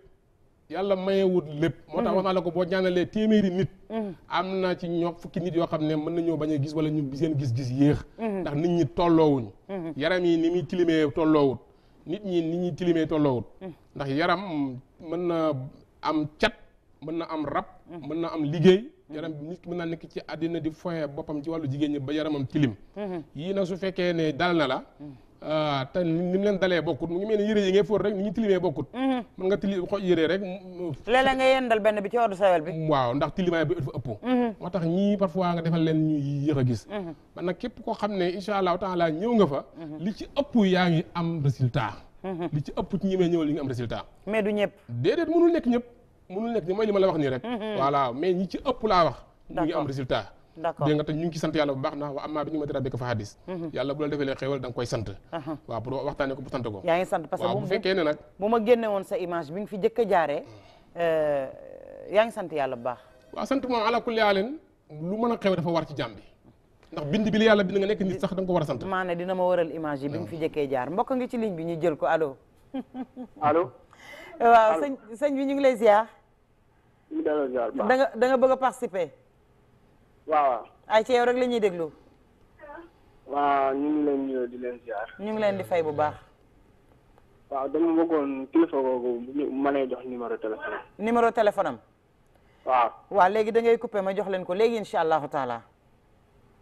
yàlla mayewut lépp moo tax mm-hmm. wax naa la ko boo ñaanalee téeméeri nit mm-hmm. am na ci ñoo fukki nit yoo xam ne mën nañoo bañ a gis wala ñu seen gis-gis yéex mm-hmm. ndax nit ñi tolloowuñ yaram yi ni muy tilimee tolloowut nit ñi nit ñi tilimee tolloowut ndax yaram mën na am cat mën na am rab mën na am liggéey yaram bi nit ki naa nekk ci àddina di foye boppam ci wàllu jigéen ñi ba yaramam tilim yii nag su fekkee ne dal na la Ah, te ni mu leen dalee bokkut mu ngi mel ni yére yi ngay fóot rek ni ñu tilimee bokkut mhm. mën nga tili xoj yére rek léeg-léeg benn bi ci ordre sawel bi waaw ndax tilimaay bi dafa ëpp mhm. moo tax ñii parfois nga defal leen ñu yéex gis man mhm. nag képp koo xam ne incha allahu taala ñëw nga fa li ci ëpp yaa ngi am résultat li ci ëpp ci ñi may ñëw li nga am résultat mais du ñëpp déedéet mënul nekk ñëpp mënul nekk ñëpp mooy li ma la wax nii rek voilà mais ñi ci ëpp laa wax ñu ngi am résultat d'accord dégg bu baax ndax wa amma bi ni'mati mhm. yàlla uh-huh. ngi sant bi nga mm. euh, yaa bu baax waaw sant moom ala kulli a xew dafa war ci jàmm ndax bind bi la yàlla bind nekk nit sax da nga ko war a sant maanaam dina ma waral image yi bi nga fi jëkkee jaar mbokk nga ci ligne bi ñu jël ko allo *laughs* allo waaw sëñ sëñ bi ñu ngi lay ziar da nga da a waaw. ay ci yow rek lañuy ñuy déglu. waaw ñu ngi leen di leen bu baax. waaw dama bëggoon kilifa googu ma lay jox numéro téléphone am. am. waaw. waaw léegi da ngay coupé ma jox leen ko léegi incha allahu taala.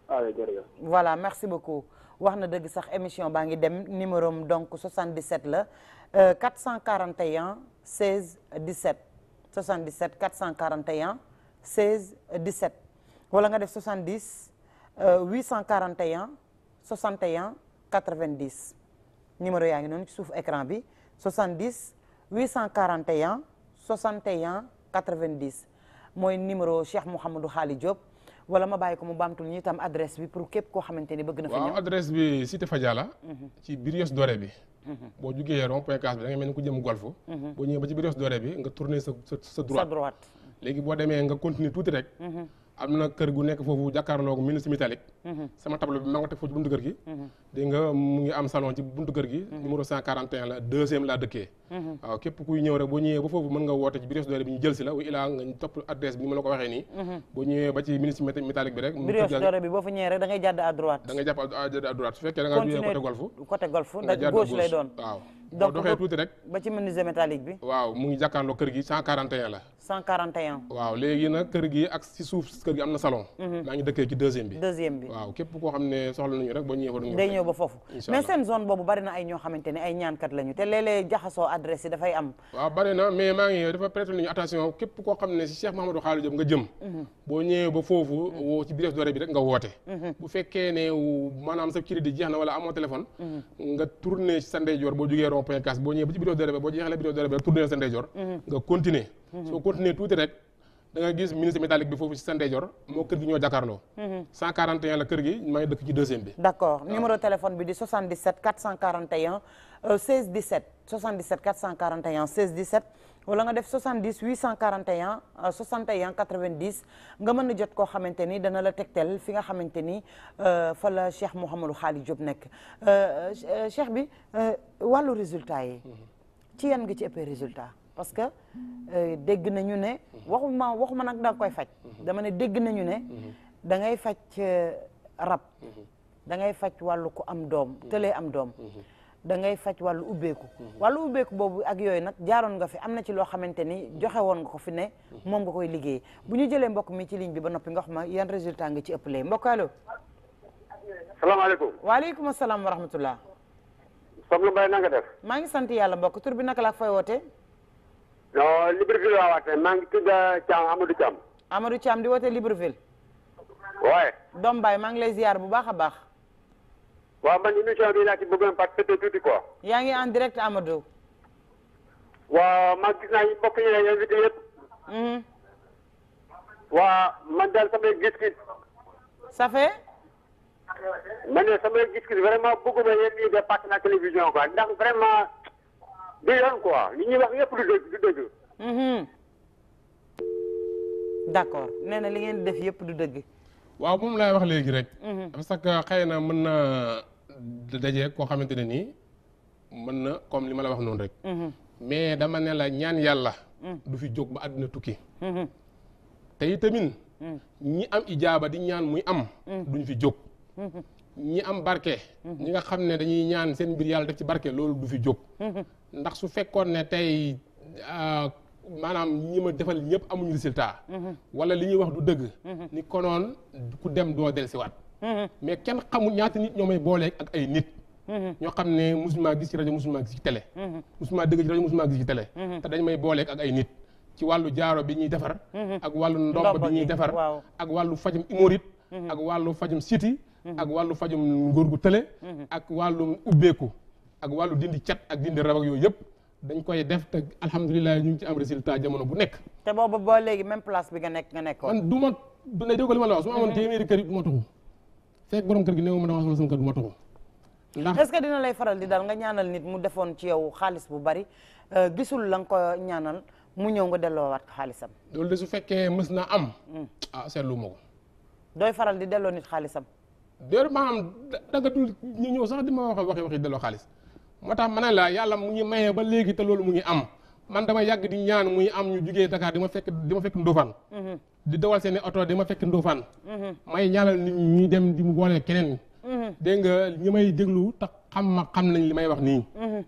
waaw jërëjëf. voilà merci beaucoup. wax na dëgg sax émission baa ngi dem numéro am donc 77 la 441 16 17 77 441 16 17. wala nga def 70 841 61 90 numéro yaa ngi noonu ci suuf écran bi 70 841 61 90 mooy numéro Cheikh Mouhamadou Khali Diop wala ma bàyyi ko mu baamtul ñu itam adresse bi pour képp koo xamante ni bëgg na. fa ñëw waaw adresse bi cité Fadiala. Mhm. ci biir Yoss Doré bi. Mhm. boo jugee rond-point Case bi da nga ni ku jëm golf mhm. boo ñëwee ba ci biir Yoss bi nga tourné sa sa droite sa léegi boo demee nga continuer tuuti rek. am na kër gu nekk foofu jàkkaarloog ministre métallique mhm. sama tableau bi maa foofu ci buntu kër gi mhm. dégg mu ngi am salon ci buntu kër gi mhm. numéro 141 la dëkkee waaw képp kuy ñëw rek boo ñëwee ba ci biir doole bi ñu bi ni ma bi boo fa ñëwee rek da jàdd à droite jàpp jàdd su fekkee da nga golf côté golf lay doon donc doxee tuuti rek ba ci menuisier métallique bi waaw mu ngi cent quarante la cent quarante et waaw léegi nag kër gi ak si suuf kër gi am na salon mhm. maa ngi dëkkee ci deuxième bi deuxième bi waaw képp koo xam ne soxla nañu rek ba ñëwee war nañu day ñëw ba foofu koo xam ne si Cheikh Mahamadou Khalil Diop nga jëm mhm. boo ñëwee ba foofu mhm. woo ci biir doore bi rek nga woote bu fekkee ne maanaam sa crédit jeex na wala amoo téléphone nga tourné ci sa ndeyjoor boo jógee rond point cas boo ñëwee ba ci bureau de rebe boo jeexalee bureau de rebe tourner sa ndeyjoor mhm. nga continuer mhm. soo continuer tuuti rek da gis ministre métallique bi foofu sa ndeyjoor moo kër gi ñoo jàkkaarloo 141 mhm. la kër gi maa ngi dëkk ci deuxième bi d'accord numéro téléphone bi di 77 441 16 17 77 441 16 17 wala nga def 70 841 61 90 nga mën a jot koo xamante ni dana la tegtal fi nga xamante ni euh, fa la Cheikh Mouhamadou Khali Diop nekk euh, euh, Cheikh bi wàllu résultat yi. Mhm. ci yan nga ci ëppee résultat. parce que dégg nañu ne. Mhm. waxuma waxuma nag dang nga koy faj. Mhm. dama ne dégg nañu ne. da ngay faj rab. da ngay faj wàllu ku am doom tëlee am doom. dangay ngay faj wàllu ubbeeku mhm. wàllu ubbeeku boobu ak yooyu nag jaaroon nga fi am na ci loo xamante ni joxe woon nga ko fi ne mhm. moom nga koy liggéey bu ñu jëlee mbokk mi ci ligne bi ba noppi nga xam ma yan résultat nga ci ëppalee mbokk allo salaamaaleykum waaleykum asalaam wa rahmatullah Soxna Mbaye na nga def maa ngi sant yàlla mbokk tur bi naka la ak fay wootee non Libreville euh, di wootee Libreville waaye doom Mbaye maa ngi lay ziar bu baax a baax waaw man émission bi laa ci bëggoon participer tuuti quoi. yaa ngi en direct Amadou. waaw man gis naa mbokk yi lay invité yëpp. Mhm. waa man daal samay gis-gis. ça fait. man de samay gis-gis vraiment bëgguma yéen ñii de passé na télévision quoi ndax vraiment du yoon quoi li ñuy wax yëpp du dëgg du dëgg. Mhm. d' accord nee na li ngeen def yëpp du dëgg. waaw moom laay wax léegi rek. sa mhm. que xëy na mën na daje koo xamante ne nii mën na comme li ma la wax noonu rek. Mhm. mais dama ne la ñaan yàlla. Mhm. du fi jóg ba àdduna tukki. te itamit. ñi am ijaaba di ñaan muy am. duñ fi jóg. ñi am barke. ñi nga xam ne dañuy ñaan seen mbir yàlla def ci barke loolu du fi jóg. ndax su fekkoon ne tey. Ah, maanaam ñii ma defal ñëpp amuñu résultat. Mhm. wala li ñuy wax du dëgg. Mhm. ni konoon ku dem doo del dellusiwaat. Mhm. mais kenn xamul ñaata nit ñoo may booleeg ak ay nit. ñoo xam ne musuma gis ci rajo musuma gis ci télé. musuma dëgg ci rajo musuma gis ci télé. te dañ may booleeg ak ay nit. ci wàllu jaaro bi ñuy defar. ak wàllu ndomb bi ñuy defar. ak wàllu fajum imorit. ak wàllu fajum siti. ak wàllu fajum ngóor gu tële. ak wàllu ubbeeku. ak wàllu dindi cat ak dindi rab yooyu yëpp. dañ koy def te alhamdulilah ñu ngi ci am résultat jamono bu nekk. te boobu ba léegi même place bi nga nekk nga nekkoon. man du ma du ne déggoo li ma la wax su ma amoon mhm. gi néew ma dama sama sama kër ndax est-ce que dina lay faral di daal nga ñaanal nit mu defoon ci yow xaalis bu bari euh, gisul la nga ko ñaanal mu ñëw nga delloowaat ko xaalisam. loolu de su fekkee mës na am. Mm. ah seetlu ma ko. dooy faral di delloo nit xaalisam. déedéet maanaam danga dul ñu ñëw sax di ma wax waxi waxi delloo xaalis. moo tax ma ne la yàlla mu ngi maye ba léegi te loolu mu ngi am man dama yàgg di ñaan muy am ñu jugee Dakar di ma fekk di ma fekk Ndofane mhm. di dawal seen i oto di ma fekk Ndofane mhm. may ñaanal nit ñi dem di mu boole keneen mhm. dégg nga ñi may déglu tax xam ma xam nañ li may wax nii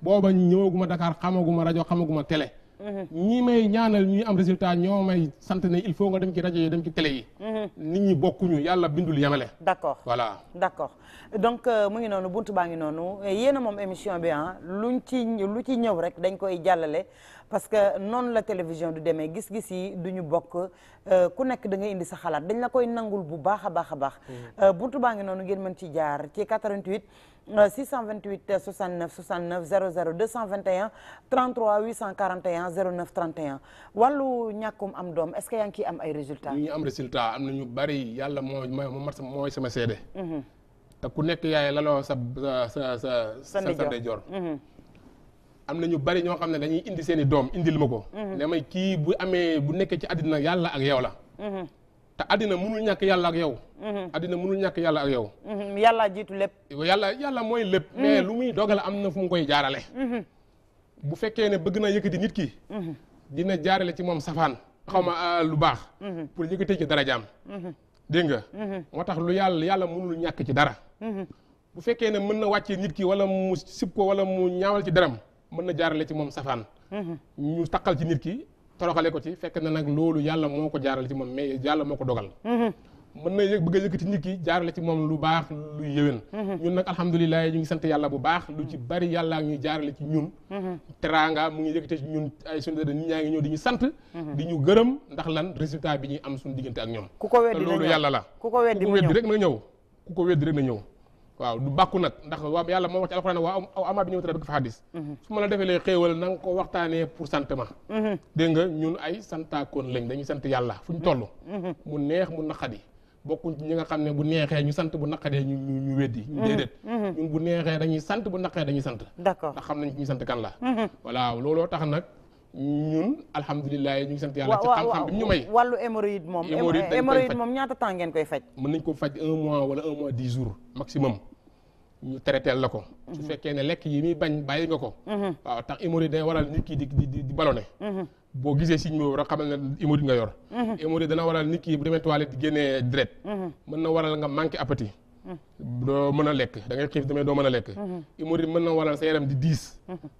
booba ñëwaguma dakaar xamaguma rajo xamaguma tele Mm-hmm. ñii may ñaanal ñuy am résultat ñoo may sant il faut nga dem ci rajo yi dem ci tele yi. Mm-hmm. nit ñi bokkuñu yàlla bindul yemale. d'accord voilà d'accord donc euh, mu ngi noonu buntu baa ngi noonu yéen a moom émission bi ah lu ci lu ci ñëw rek dañ koy jàllale. parce que noonu la télévision du demee gis-gis yi du ñu bokk euh, ku nekk da nga indi sa xalaat dañ la koy nangul bu baax a baax a baax mm-hmm. euh, buntu baa ngi noonu ngeen mën ci jaar ci 88 628 69 69 00 221 33 841 09 31 wàllu ñàkkum am doom est-ce que yaa ngi ciy am ay résultats. ñu am résultat am na ñu bari yàlla moo moo mooy sama seede. Mm-hmm. te ku nekk yaay laloo sa sa sa sa sa ndeyjoor. Mm-hmm. am na ñu bari ñoo xam ne dañuy indi seen i doom indil ma ko. Mhm. ne may kii bu amee bu nekkee ci àddina yàlla ak yow la. Mhm. te àddina mënul ñàkk yàlla ak yow. Mhm. àddina mënul ñàkk yàlla ak yow. yàlla jiitu lépp. yàlla yàlla mooy lépp. mais lu muy dogal am na fu mu koy jaarale. bu fekkee ne bëgg na yëkkati nit ki. dina jaarale ci moom safaan. xaw ma euh, lu baax. pour yëkkatee ci dara jaam. dégg nga. moo tax lu yàlla yàlla ñàkk ci dara. bu fekkee ne mën na wàccee nit ki wala mu sib ko wala mu ñaawal ci mën na jaarale ci moom safaan mhm. ñu taqal ci nit ki toroxale ko ci fekk na nag loolu yàlla moo ko jaarale ci moom mais yàlla moo ko dogal mhm. mën na bëgg a yëkkati nit ki jaarale ci moom lu baax lu yëwén mhm. ñun nag alhamdulilah ñu ngi sant yàlla bu baax lu ci bari yàlla ñuy jaarale ci ñun teraanga mu ngi yëkkate ci ñun ay suñu nit ñaa ngi ñëw di ñu sant di ñu gërëm ndax lan résultat bi ñuy am suñu diggante ak ñoom ku ko weddi yàlla la ko weddi rek na ñëw ku ko weddi rek na ñëw waaw du bàkku nag ndax waa yàlla moo wax ci alxuraan waa aw amaa bi ñu tara bëgg fa xadis mhm. su ma la defee lay xéewal na nga ko waxtaanee pour sant ma mhm. dégg nga ñun ay santaakoon lañ dañuy sant yàlla fu ñu toll mhm. mu neex mu naqadi bokkuñ ci ñi nga xam ne bu neexee ñu sant bu naqadee ñu ñu weddi ñu déedéet ñun bu neexee dañuy sant bu naqadee dañuy sant d'accord ndax xam nañ ñu sant kan la voilà looloo tax nag ñun alhamdulilah ñu ngi sant yàlla ci xam-xam bi ñu may wàllu hémorroïde moom hémorroïde moom ñaata temps ngeen koy faj mën nañ ko faj un mois wala un mois dix jours maximum ñu traité la ko su mhm. fekkee ne lekk yi muy bañ bàyyi nga ko mhm. waaw tax hémorroïde day waral nit ki di di di ballonné mhm. boo gisee signe boobu rek xamal ne hémorroïde nga yor hémorroïde dana waral nit ki bu demee toilette di génnee dret mën na waral nga manqué appétit doo mën a lekk da ngay xiif demee doo mën a lekk hémorroïde mën na waral sa yaram di diis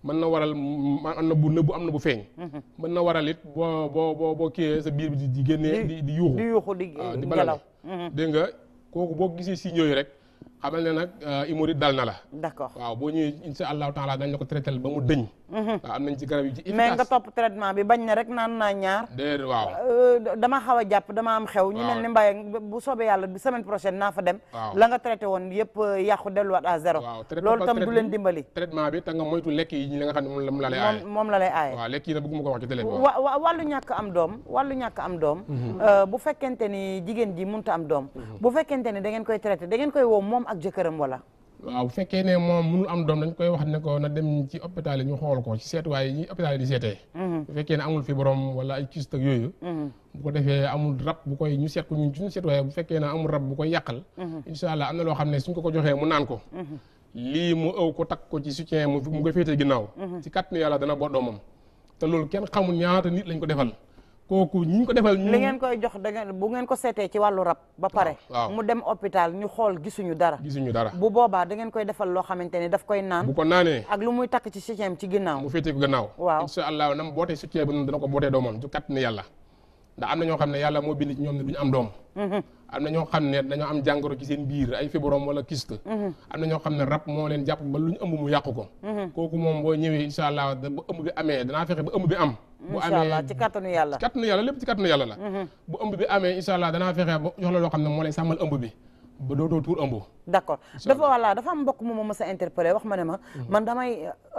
mën na waral am na bu nëbbu am na bu feeñ mën na waral it boo boo boo boo kiiyee sa biir bi di génnee di di yuuxu di yuuxu di ah, balal dégg nga kooku boo gisee si ñooyu rek xamal ne nag euh, hémorroïde dal na la d'accord waaw boo ñëwee insha allahu taala dañ la ko traité ba mu dëñ waaw mhm. ah, am nañ ci garab yu nga topp traitement bi bañ na rek naan naa ñaar waaw euh, dama xaw a jàpp dama am xew ñu mel ni mbaye bu soobee yàlla bi semaine prochaine naa fa dem la nga traité woon yëpp euh, yàqu delluwaat à zéro lool tam du leen dimbali traitement bi te nga moytu lekk yi li nga xam ne moom la lay aaye moom la lay aaye waaw lekk wa wàllu ñàkk am doom wàllu ñàkk am doom mhm. euh, bu fekkente ni jigéen ji mun ta am doom mhm. bu fekkente ni da ngeen koy traité da ngeen koy woo moom ak jëkkëram wala waaw bu fekkee ne moom mënul am doom dañ koy wax ne ko na dem ci hôpital yi ñu xool ko ci seetuwaay yi hôpital yi di seetee mhm. bu fekkee ne amul fibrom wala ay kyste ak yooyu mhm. bu ko defee amul rab bu koy ñu seet ko ñun suñu bu fekkee ne amul rab bu koy yàqal mhm. incha allah am na loo xam ne suñ ko ko joxee mu naan ko lii mu ëw ko takk ko ci soutien mu mu ko féetee ginnaaw ci kàttanu yàlla dana boo doomam te loolu kenn xamul ñaata nit lañ ko defal kooku ñu ko defal li ngeen koy jox da ngeen bu ngeen ko seetee ci wàllu rab ba pare mu dem hôpital ñu xool gisuñu dara bu boobaa da ngeen koy defal loo xamante ne daf koy naan bu ko naanee ak lu muy takk ci soutien ci ginnaaw mu féetee mhm. biir ay fibrom wala kyste mhm. am na ñoo xam ne rab moo leen jàpp ba lu ñu mu yàqu ko mhm. kooku moom boo ñëwee incha allah ba ëmb bi am bu amee allah ci kattanu yàlla ci kattanu yàlla la mm-hmm. bu ëmb bi amee incha allah danaa fexe ba jox la loo xam ne moo lay sàmmal ëmb bi ba tuur ëmb d'accord dafa voilà dafa am mbokk mu ma mës a interpellé wax ma ne ma mm-hmm. man damay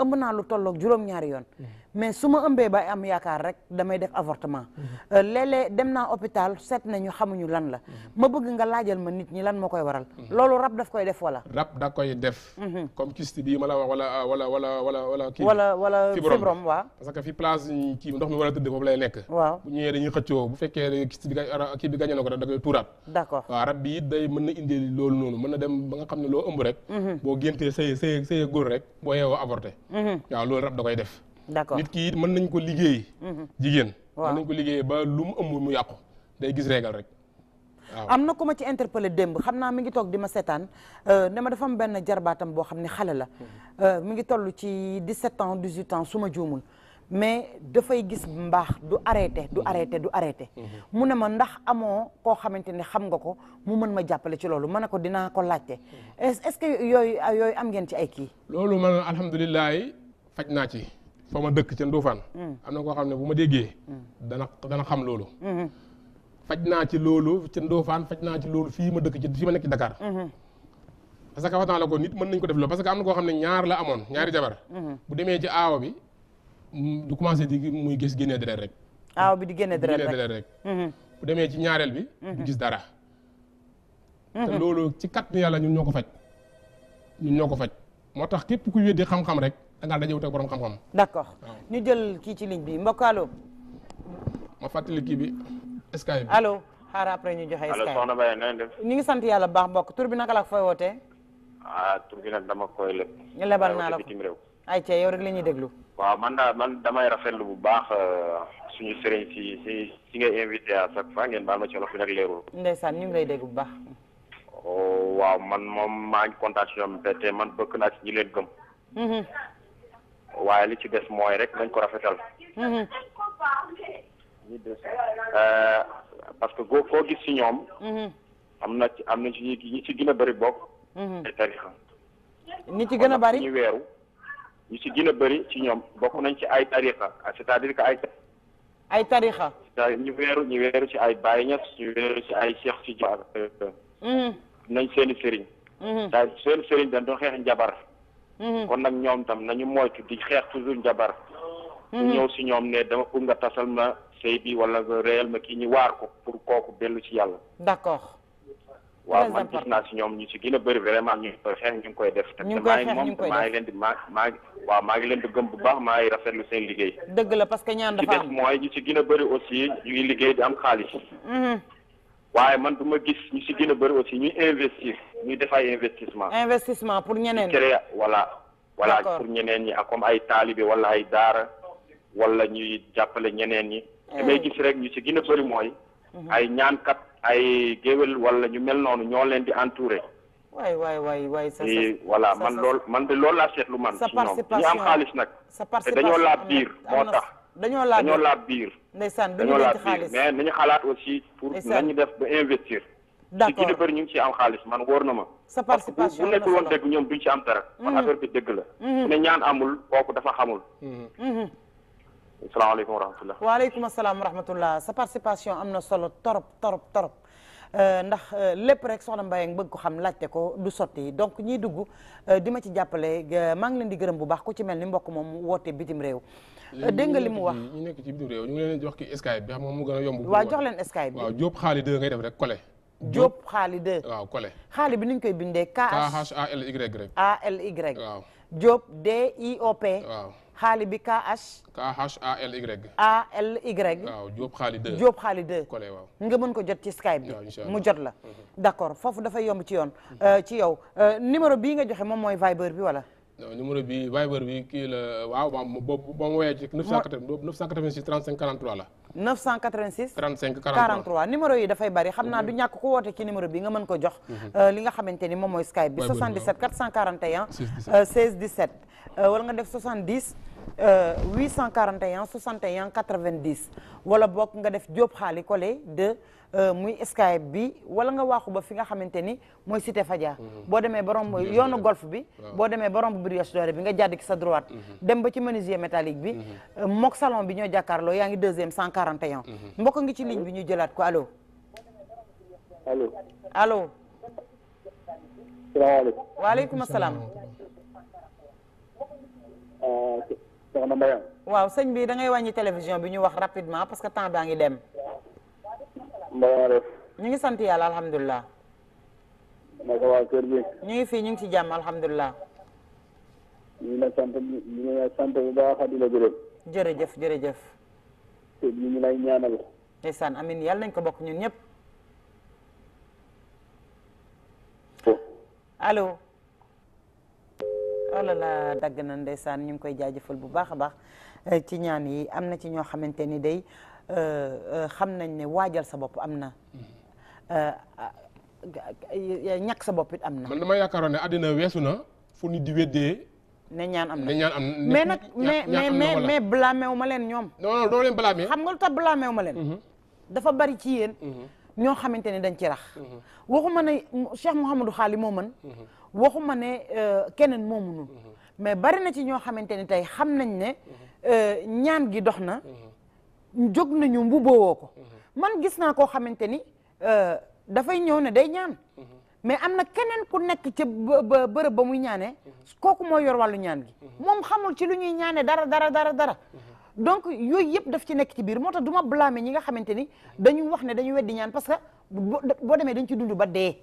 ëmb naa lu tolloog juróom-ñaari yoon mm-hmm. mais su ma ambee ba am yaakaar rek damay def avortement mhm. euh, léeg-léeg dem naa hôpital seet nañu xamuñu lan la mhm. ma bëgg nga laajal ma nit ñi lan moo koy waral mhm. loolu rab daf koy def wala rab da koy def comme kyste bii ma la wala wala wala wala wala kii wala wala fibrom waaw parce que fi place kii ndox mi war a tëdd foofu lay nekk waaw bu ñëwee bu fekkee kyste bi kii bi gañe na ko da koy tuuraat d'accord waaw rab bi it indi loolu noonu mën na dem ba nga xam ne loo ëmb rek boo géntee say say say góor loolu rab da koy def d'accord nit kii mën nañ koo liggéey mhm. jigéen mën nañ ko liggéey ba lu mu ëmb mu yàqu day gis régal rek waaw am na ku ma ci interpellé démb xam naa mi ngi toog di ma setaan euh, ne ma defam benn jarbaatam boo xam ne xale la mhm. euh, mi ngi toll ci 17 ans 18 ans su ma juumul mais dafay gis mbaax du arrêté du mhm. arrêté du arrêté mu ne ma ndax amoo koo xamante ne xam nga ko mu mën ma jàppale ci loolu ma ne ko dinaa ko laajte est-ce que yooyu yooyu am ngeen ci ay kii loolu man alhamdulilah faj naa ci fa ma dëkk ca Ndofaan. Mm. am na koo xam ne bu ma déggee. Mm. dana xam loolu. Mm-hmm. faj naa ci loolu ca Ndofaan faj naa ci loolu fii ma dëkk ci fii ma nekk ci Dakar. Mm-hmm. parce que waxtaan la ko nit mën nañ ko def loolu parce que am na koo xam ne ñaar la amoon ñaari jabar. Mm-hmm. bu demee ci aawa bi du commencé di muy gis génne deret rek. aawa bi di génne deret rek bu demee ci ñaareel bi. du gis dara. te loolu ci kat yàlla ñun ñoo ko faj. ñun ñoo ko faj moo tax képp ku weddi xam-xam rek. da ngaa daje wut ak xam-xam. d'accord ñu jël kii ci ligne bi mbokk alo ma fàttali kii bi Skype. alo xaaral après ñu joxe. Skype allo soxna Baye na def. ñu ngi sant yàlla bu baax mbokk tur bi naka la ko fay wootee. ah tur bi nag dama koy leb. ñu lebal naa la ko réew. ay ca yow la ñuy déglu. waaw man daa man damay rafetlu bu baax euh, suñu sëriñ si si si nga invité à chaque fois ngeen baax ma ci wolof bi nag leerul. saan ñu ngi lay dégg bu baax. Oh, waaw man moom maa ngi kontaan man bëgg naa ci ñi leen gëm. Mhm. waaye li ci des mooy rek nañ ko rafetal. Mhm. Euh, parce que koo gis ci ñoom. Mhm. am na ci am na ci ñu ci gën a bëri bokk. ay mhm. tarixa ñi ci gën a bari ñu weeru ñi ci gën a bëri ci ñoom bokk nañ ci ay tarixa ah, c'est-à-dire que ay. ay tarixa ñu weeru ñu weeru ci ay Baye Niass ñu weeru ci ay Cheikh Tidiane. Euh, nañ seen i sëriñ. seen sëriñ dañ doon xeex njabar. Mhm. kon nag ñoom tam nañu moytu di xeex toujours njabar mhm. ñu ñëw si ñoom ne dama bëgg nga tasal ma sëy bi wala nga réyal ma kii ñu waar ko pour kooku dellu ci yàlla d'accord waaw man gis naa si ñoom ñu si gën a bëri vraiment ñu ngi koy xeex ñu koy def te maa ngi moom maa ngi leen di maa maa ngi waaw maa leen di bu baax maa ngi rafetlu seen liggéey dëgg la parce que ñaan dafa am ci des mooy ñu si gën a bëri aussi ñu ngi liggéey di am xaalis mhm. waaye man bu ma gis ñu si gën a bëri aussi ñuy investir ñuy def ay investissement. investissement pour ñeneen ñi créer voilà. voilà pour ñeneen ñi ak comme ay taalibe wala ay daara wala ñuy jàppale ñeneen ñi. Eh. damay gis rek ñu ci gën a bari mooy. Mhm. ay ñaankat ay géwél wala ñu mel noonu ñoo leen di entouré. waay waay waay waay sa voilà man lool man de lool laa seetlu man. sa participation si ñoom ñu am xaalis nag. sa dañoo laa biir moo tax. dañoo laaj dañoo laaj biir. ndeysaan dañoo laaj biir mais nañu xalaat aussi. pour nañu def ba investir. d' accord ci am xaalis man wóor na ma. sa participation bu nekk woon dëgg ñoom am dara. man mm-hmm. la. Mm-hmm. ñaan amul kooku dafa xamul. asalaamaaleykum mm-hmm. wa rahmatulah. waaleykum salaam wa rahmatulah sa participation am na solo torop torop torop. Euh, ndax euh, lépp rek soxna mbay bëgg ko xam laajte ko du sotti donc ñiy dugg euh, di ma ci jàppale maa ngi leen di gërëm bu baax ku ci mel ni mbokk moom woote bitim réew. Euh, dégg nga li mu wax ñu nekk ci biir réew jox ki Skype bi xam moom mu yomb waaw jox leen Skype bi waaw Diop xaali 2 ngay xaali 2 waaw collé bi ni ñu koy bindee K H A L L Y waaw Diop D I O P waaw xaali bi K H K H A A L Y waaw xaali 2 Diop xaali 2 collé waaw nga mën ko jot ci Skype bi mu jot la mhm. d'accord foofu dafay yomb ci yoon euh, ci yow euh, numéro bii nga joxe moom mooy Viber bi wala numéro bi Viber bi kii la waaw boobu boo ma woowee ci. moo yi dafay bari xam naa mhm. du ñàkk ku woote ci numéro bi nga mën ko jox. Mhm. Euh, li nga xamante ni moom mooy Skype bi. 77 441. 16 17 wala nga def 70. 841 61 90 wala nga def Diop xaali collé de. Euh, muy Skype bi wala nga waaxu ba fi nga xamante ni mooy Cité Fadia mhm. boo demee borom yoonu golf bi boo demee borom Brioche Dorée bi nga jàdd ki sa droite mhm. dem ba ci menuisier métallique bi mhm. euh, mook salon bi ñoo jàkkaarloo yaa ngi deuxième cent quarante et un mbokk ngi ci ligne bi ñu jëlaat ko allo allo salaam ah, soxna Mbayang waaw sëñ bi da ngay wàññi télévision bi ñu wax rapidement parce que temps baa ngi dem mbaa ñu ngi sant yàlla alhamdulilah ñu ngi fii ñu ngi ci jàmm alhamdulilah ñu la sant ñu ngi la sant bu amin yàlla nañ ko bokk ñun ñëpp alo wala la dagg na ndeysaan ñu ngi koy jaajëfal bu baax a baax eh, ci ñaan yi am na ci ñoo xamante ni day Euh, euh, xam nañ ne waajal sa bopp am na. Euh, ñàkk sa bopp it am na. man dama yaakaaroon ne àddina weesu na fu nit di weddee. ne ñaan am na ne am mais nag mais mais mais blâmé ma leen ñoom. non non doo leen xam nga lu tax blâmé ma leen. Mm-hmm. dafa bari ci yéen. Mm-hmm. ñoo xamante ne dañ ci rax. Mm-hmm. waxuma ne Cheikh Mouhamadou Xaali moo mën. waxuma ne keneen moo mënul. mais bari na ci ñoo xamante ni tey xam nañ ne ñaan gi dox na. jóg nañu mbubboo ko. man gis naa koo xamante ni euh, dafay ñëw ne day ñaan. mais am na keneen ku nekk ca bërëb ba muy ñaanee kooku moo yor wàllu ñaan gi moom xamul ci lu ñuy ñaanee dara dara dara dara donc yooyu yëpp daf ci nekk ci biir moo tax du ma blâmer ñi nga xamante ni dañu wax ne dañu weddi ñaan parce que boo demee dañ ci dund ba dee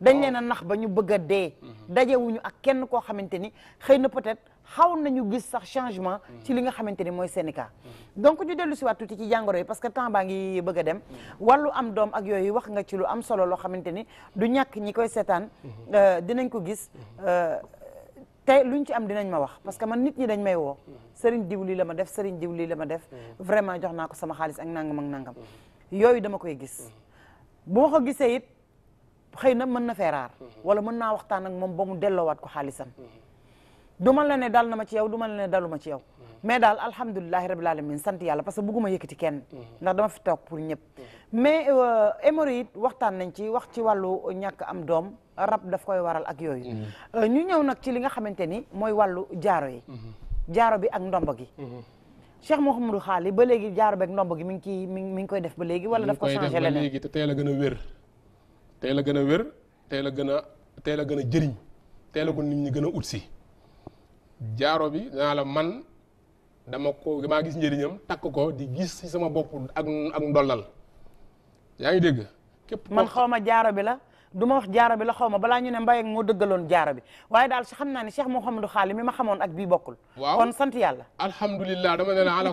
dañ leen a nax ba ñu bëgg a dee mm-hmm. dajewuñu ak kenn koo xamante ni xëy na peut-être xaw nañu gis sax changement ci li nga xamante ni mooy Sénégal donc ñu dellu si waat tuuti ci jàngoro yi parce que temps baa ngi bëgg a dem wallu am doom ak yooyu wax nga ci lu am solo loo xamante ni du ñàkk ñi koy seetaan euh, dinañ ko gis euh, tey luñ ci am dinañ ma wax parce que man nit ñi dañ may woo sëriñ diw lii la ma def sëriñ diw lii la ma def vraiment jox naa ko sama xaalis ak nangam ak nangam yooyu dama koy gis bu ma ko gisee it xëy na mën na feeraar wala mën naa waxtaan ak moom ba mu delloowaat ko xaalisam du ma la ne dal na ma ci yow du ma la ne daluma ci yow mais daal alhamdulilahi rabil alamin sant yàlla parce que bugguma yëkkati kenn ndax dama fi toog pour ñëpp mais euh, hémorroïde waxtaan nañ ci wax ci wàllu ñàkk am doom rab daf koy waral ak yooyu euh, ñu ñëw nag ci li nga xamante ni mooy wàllu jaaro yi jaaro bi ak ndomba gi Cheikh Mouhamadou Xaali ba léegi jaaro bek ak ndomba gi mi ngi ciy mi mi ngi koy def ba léegi wala daf ko changé leneen léegi te tey la gën a wér tey la gën a wér la gën a tey la gën a jëriñ tey la ko nit ñi gën a utsi jaaro bi naa la man dama ko damaa gis njëriñam takk ko di gis ci sama bopp ak ak ndollal yaa ngi dégg képp man xaw ma jaaro bi la du ma wax jaaro bi la xaw ma balaa ñu ne mbay moo dëggaloon jaaro bi waaye daal si xam naa ne Cheikh Mouhamadou Xaali mi ma xamoon ak bii bokkul waaw sant yàlla alhamdulilah dama ne la ala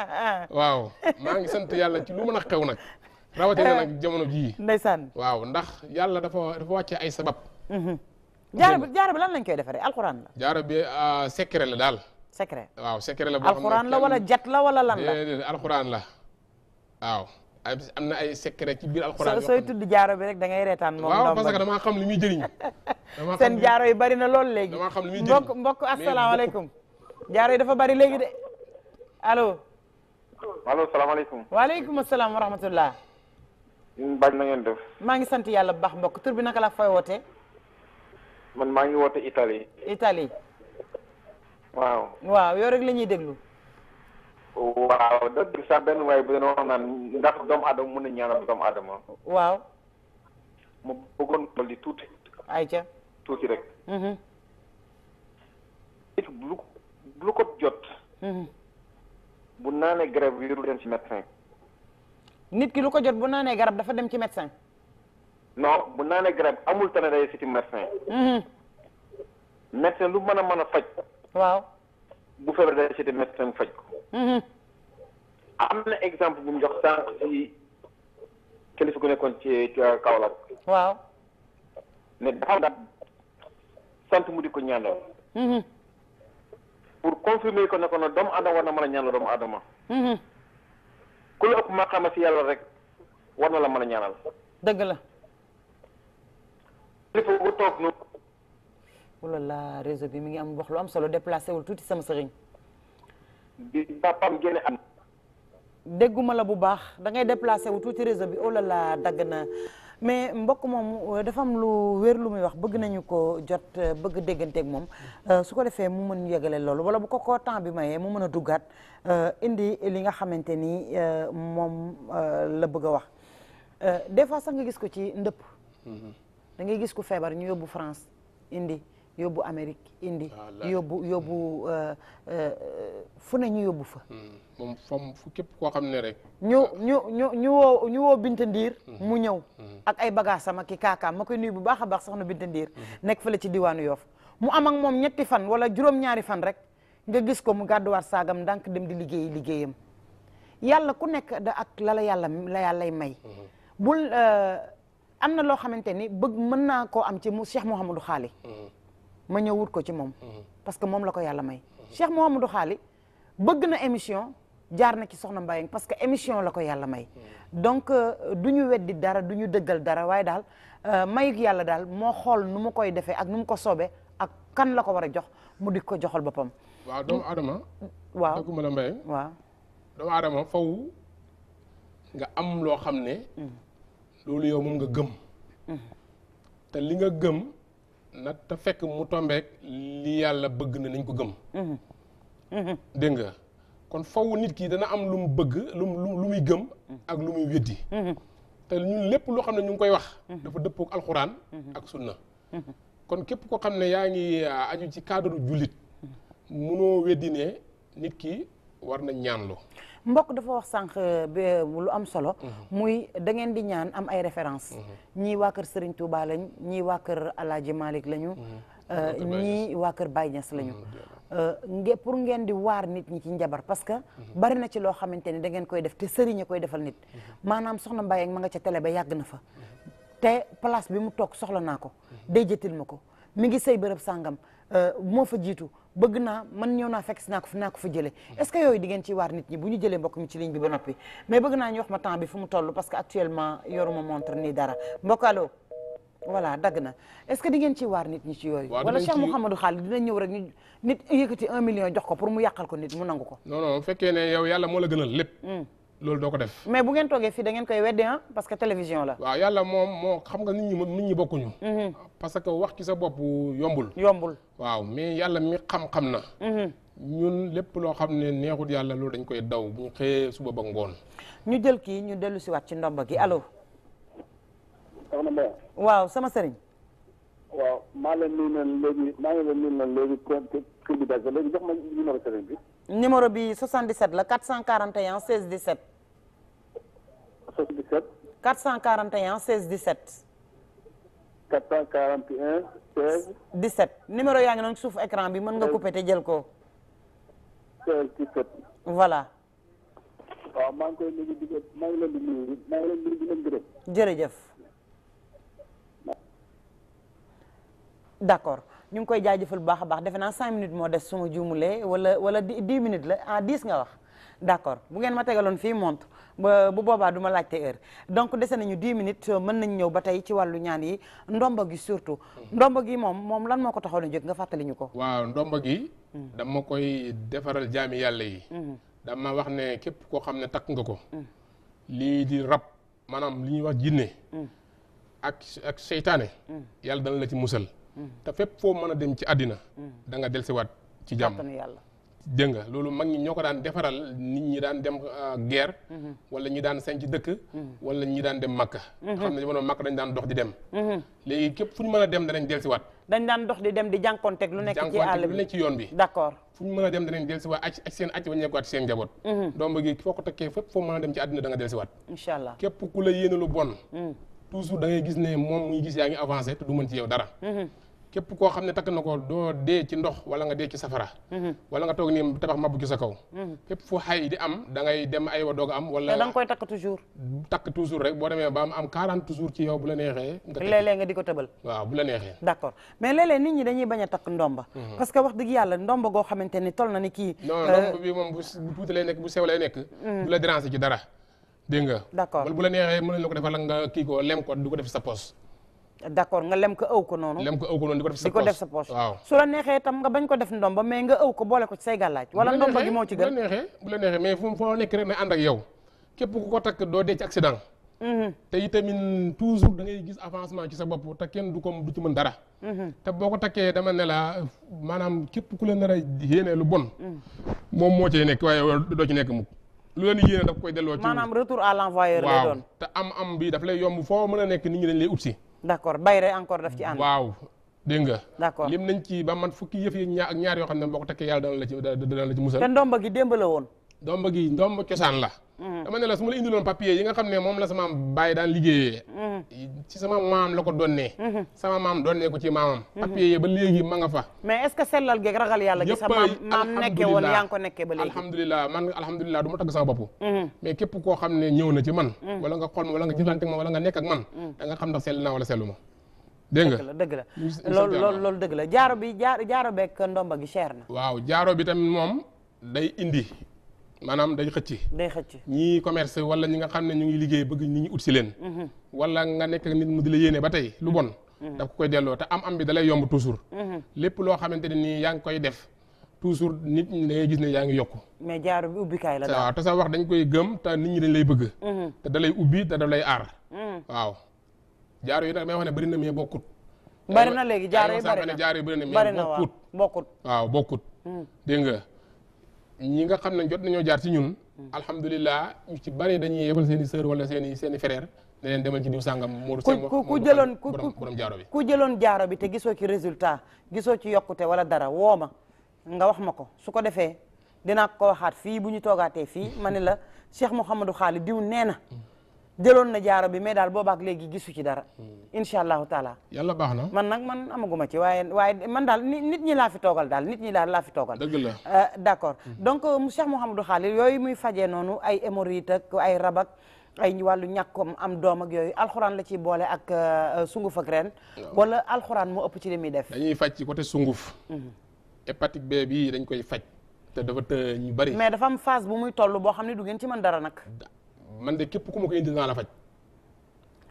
*laughs* maa ngi sant yàlla ci lu mën a xew nag rawatina nag jamono jii *laughs* ndeysaan waaw ndax yàlla dafa dafa ay sabab mhm. jaara bi jaaro bi lan lañ koy defaree alxuraan la. jaara bi ah, la daal. secret waaw secret la la wala jat la wala lan la alxuraan la waaw. am na ay secret ci biir alxuraan sooy tudd jaaro bi rek da ngay reetaan moom waaw parce que damaa xam lu muy jëriñ seen jaaro yi bari na lool léegi damaa xam li muy mbokk mbokk jaaro yi dafa bari léegi de allo allo salaamaaleykum waaleykum asalaam wa rahmatullah bañ na ngeen maa ngi sant yàlla bu baax mbokk tur bi naka la fooy wootee man maa ngi woote Italie. Italie. waaw. waaw yow rek la waaw dëgg sax benn waaye bu doon wax naan ndax doomu aadama mun na ñaanal doomu aadama. waaw. mu bëggoon tool di tuuti. ayca tuuti rek. Mhm. it bu lu ko jot. Mhm. bu naanee garab yi du dem ci médecin. nit ki lu ko jot bu naa naanee garab dafa dem ci médecin. non bu naanee garab amul tane day siti médecin. Mhm. médecin lu mën a mën a faj. waaw bu feebar day siti médecin mu faj ko. Mhm. am na exemple bu mu jox sànq si kilifa gu nekkoon ci Kaolack. waaw ne dafa daal sant mu di ko ñaanal. Mhm. pour confirmer ko ne nag doomu aadama war na mën a ñaanal doomu aadama. ku la ëpp ma xam si yàlla rek war na la mën a ñaanal. dëgg la. wala la réseau bi mi ngi am wax lu am solo déplacé wul tuuti sama sëriñ. bi dégguma la bu baax da ngay déplacé wu tuuti réseau bi oh là dagg na mais mbokk moom euh, dafa am lu wér lu muy wax bëgg nañu ko jot euh, bëgg dégganteeg moom euh, su ko defee mu mën yegale loolu wala bu ko ko temps bi mayee mu mën a duggaat indi li nga xamante ni moom la bëgg a wax des fois sax nga gis ko ci ndëpp. Mhm. da ngay gis ko feebar ñu yóbbu France indi yóbbu Amérique indi. Ah, yóbbu yóbbu hmm. euh, euh, fu ne ñu yóbbu fa. Hmm. moom fam fu képp koo ñu ñu ñu woo ñu woo Binta Ndiir. Hmm. mu ñëw ak ay bagages sama ki kaakaam ma koy nuyu bu baax a baax soxna Binta Ndiir. nekk fële ci diwaanu Yoff mu am ak moom ñetti fan wala juróom-ñaari fan rek nga gis ko mu gàdduwaat saagam ndànk dem di liggéey liggéeyam yàlla ku nekk ak la la yàlla la may. Euh, am na loo xamante ni bëgg mën naa koo am ci mu Cheikh Mouhamadou Xaali ma ñëw wut ko ci moom parce que moom la ko yàlla may Cheikh Mouhamadou Xaali bëgg na émission jaar na ci soxna Mbayang parce que émission la ko yàlla may donc euh, du ñu weddi dara du ñu dëggal dara waaye daal euh, may yàlla daal moo xool nu mu koy defee ak nu mu ko soobee ak kan la ko war a jox mu di ko joxal boppam waaw doomu aadama waaw nga am loo xam ne mm. loolu yow moom nga gëm mm-hmm. te li nga gëm nag te fekk mu tombeek li yàlla bëgg na nañ ko gëm mm-hmm. Mm-hmm. dégg nga kon faw nit ki dana am lu mu bëgg lu mu lu muy gëm ak lu muy weddi te ñun lépp loo xam ne ñu ngi koy wax dafa dëppook alxuraan ak sunna kon képp koo xam ne yaa ngi uh, aju ci cadre jullit munoo weddi ne nit ki war na ñaanlu mbokk dafa wax sànq lu am solo. Mhm. muy da ngeen di ñaan am ay référence mhm. ñii waa kër Serigne Touba lañ ñii waa kër El Hadj Malick lañu. Mhm. Euh, ñii waa kër Baye Niass lañu. Euh, nge pour ngeen di waar nit ñi ci njabar parce que. bari na ci loo xamante ni da ngeen koy def te sëriñ koy defal nit. maanaam soxna Mbaye ak ma nga ca tele ba yàgg na fa. te place bi mu toog soxla naa ko. day jëtil ma ko mi ngi sëy bërëb sàngam euh, moo fa jiitu. bëgg na man ñëw naa fekk si naa ko fi naa ko jëlee est-ce que yooyu di ngeen ciy waar nit ñi bu ñu jëlee mbokk mi ci ligne bi ba noppi mais bëgg naa ñu wax ma temps fu mu toll parce que actuellement yoruma montre nii dara mbokk allo voilà dagg na est-ce que ngeen ciy waar nit ñi ci yooyu wala Cheikh Mouhamadou Khalid dina ñëw rek ñu nit yëkkati un million jox ko pour mu yàqal ko nit mu nangu ko non non fekkee ne yow yàlla loolu doo ko def. mais bu ngeen toogee fi da ngeen koy weddi ah parce que télévision la. waaw yàlla moom moo xam nga nit ñi nit ñi bokkuñu. Mhm. parce que wax ci sa bopp yombul. yombul waaw mais yàlla mi xam-xam na. Mhm. ñun lépp loo xam ne neexut yàlla loolu dañ koy daw bu ñu xëyee suba ba ngoon. ñu jël kii ñu dellu si waat ci ndomba ki allo. waaw sama sëriñ. waaw maa leen nuyu naan léegi maa ngi leen nuyu bi daal léegi jox ma numéro sëriñ bi. numéro bi la 417. 441 16 17. 441 numéro yaa ngi noonu suuf écran bi mën nga coupé te jël ko. 16 17. voilà. ñu ngi koy jaajëfal bu baax a baax defe naa cinq minutes moo des suma juumulee wala wala dix minutes la ah dix nga wax d' bu ngeen ma tegaloon fii montre bu boobaa duma ma laajte heure donc dese nañu 10 minutes mën nañ ñëw ba tey ci wàllu ñaan yi ndomba gi surtout mhm. ndomba gi moom moom lan moo ko taxoon a jóg nga fàttali ñu ko waaw ndomba gi mhm. dama koy defaral jaami yàlla yi mhm. dama wax ne képp koo xam ne takk nga ko lii di rab maanaam li ñuy wax jinne ak ak seytaane yàlla dana la ci musal te fépp foo mën a dem ci àddina da nga delsiwaat ci jàmm yàlla dégg nga loolu mag ñi ñoo ko daan defaral nit ñi daan dem euh, guerre mhm. wala ñi daan sanc dëkk mhm. wala ñi daan dem Makka mhm. xam ne jamono Makka dañ daan dox di dem léegi képp fu ñu mën a dem danañ del siwaat dañ daan dox di dem di jànkonteeg lu lu nekk ci yoon bi d'accord fu ñu mën a dem danañ del siwaat ak ak seen aj waññeekuwaat seen ko takkee fépp foo dem ci àddina da nga del siwaat incha allah képp ku la yéene lu bon da ngay gis ne moom muy gis yaa ngi avancé te du mën ci yow dara képp koo xam ne takk na ko doo dee ci ndox wala nga dee ci safara mhm. wala nga toog nii tabax mabbu ci sa kaw mhm. fépp fu xay di am da ngay dem ay wa doog am wala da nga koy takk toujours takk toujours rek boo demee ba am am jours ci yow bu la neexee léeg-léeg nga di ko tëbal waaw bu la neexee d' accord mais léeg-léeg nit ñi dañuy bañ a takk ndomba mhm. parce que wax dëgg yàlla ndomba goo xamante ni tol na ni kii non euh, ndomba bi moom bu tuuti lay nekk bu sew lay nekk du la déranger ci dara dégg nga d' accord wala bu la neexee mën nañ la ko defal nga kii ko lem ko du ko def sa pos d'accord nga lem ko ëw ko noonu lem ko ëw ko noonu di ko def sa poche su la neexee itam nga bañ ko def ndomba mais nga ëw ko boole ko ci say gàllaaj ndomba gi moo ci gën bu la neexee bu la neexee mais fu nekk rek na ànd ak yow képp ku ko takk doo dee ci accident mhm. te itamit toujours da ngay gis avancement ci sa bopp te kenn du ko du ci mën dara mhm. te boo ko takkee dama ne la maanaam képp ku la nar a yéene lu bon mhm. moom moo cee nekk waaye doo ci nekk mukk lu leen yéene daf koy delloo ci maanaam retour à l'envoyeur lay doon te am am a nekk nit ñi dañ lay utsi d' accord bayre encore daf ci ànd. waaw dégg nga. d' accord lim nañ ci ba man fukki yëf yi ñaar yoo xam ne boo ko takkee yàlla dana la ci dana la ci gi démb woon. ndomba gi ndomba cosaan la. Mm. dama ne la su ma la loon papier yi nga xam ne moom la sama baay daan liggéeyee. Mm. ci sama maam la ko donnee. Mm-hmm. sama maam donne ko ci maamam. Mm-hmm. papier yi ba léegi ma nga fa. mais est-ce que sellal geeg ragal yàlla gi sa maam maam nekkee woon yaa ngi ko nekkee ba léegi. alhamdulilah man alhamdulilah du ma tagg sama bopp. Mm-hmm. mais képp koo xam ne ñëw na ci man. Mm. wala nga xool ma wala nga jëflante ma wala nga nekk ak man. da nga xam ndax sell naa wala sellu ma. dégg nga dëgg la loolu loolu loolu dëgg la jaaro bi jaaro jaaro beeg ndomba gi cher waaw jaaro bi tamit moom day indi maanaam dañ xëcc day xëcc ñii commerce wala ñi nga xam ne ñu ngi liggéey bëgg nit ñi ut si leen mhm. wala nga nekk nit mu di la yéene ba tey lu bon mhm. daf ko koy delloo te am am bi dalay yomb toujours mhm. lépp loo xamante ne nii yaa ngi koy def toujours nit ñi da ngay gis ne yaa ngi yokk mais jaaru bi ubbikaay la waaw te sa wax dañ koy gëm te nit ñi dañ lay bëgg te da lay ubbi te da lay aar waaw jaaru yi nag may wax ne bëri na mais bokkut bëri na léegi jaaru yi bëri na jaaru yi bëri na mais bokkut nga ñi nga xam ne jot nañoo jaar ci ñun hmm. alhamdulilah ñu ci bari dañuy yebal seen i sœur wala seen i seen i frère ne leen demal ci diw sàngam moodu ku jëloon borom jaaro bi ku jëloon jaaro bi te gisoo ci résultat gisoo ci yokkute wala dara woo ma nga wax ma ko su ko defee dinaa ko waxaat fii bu ñu toogaatee fii ma ne la Cheikh Mouhamadou Xaali diw nee na hmm. jëloon na jaaro bi mais daal boobaak léegi gisu ci dara hmm. incha allahu taala yàlla baax na man nag man amaguma ci waaye waaye man daal nit ñi laa fi toogal daal nit ñi daal laa fi toogal dëgg la euh, d'accord hmm. donc euh, Cheikh Mouhamadou Khalil yooyu muy fajee noonu ay hémorroïdes ak ay rabak ay wàllu ñàkkoom am doom ak yooyu alxuraan la ciy boole ak euh, sunguf ak ren wala alxuraan moo ëpp ci li muy def dañuy faj ci côté sunguf hmm. hépatique B bi dañ koy faj te dafa të ñu bari mais dafa am phase bu muy toll boo xam ne du ngeen ci mën dara nag man de képp ku ma ko indil naa la faj.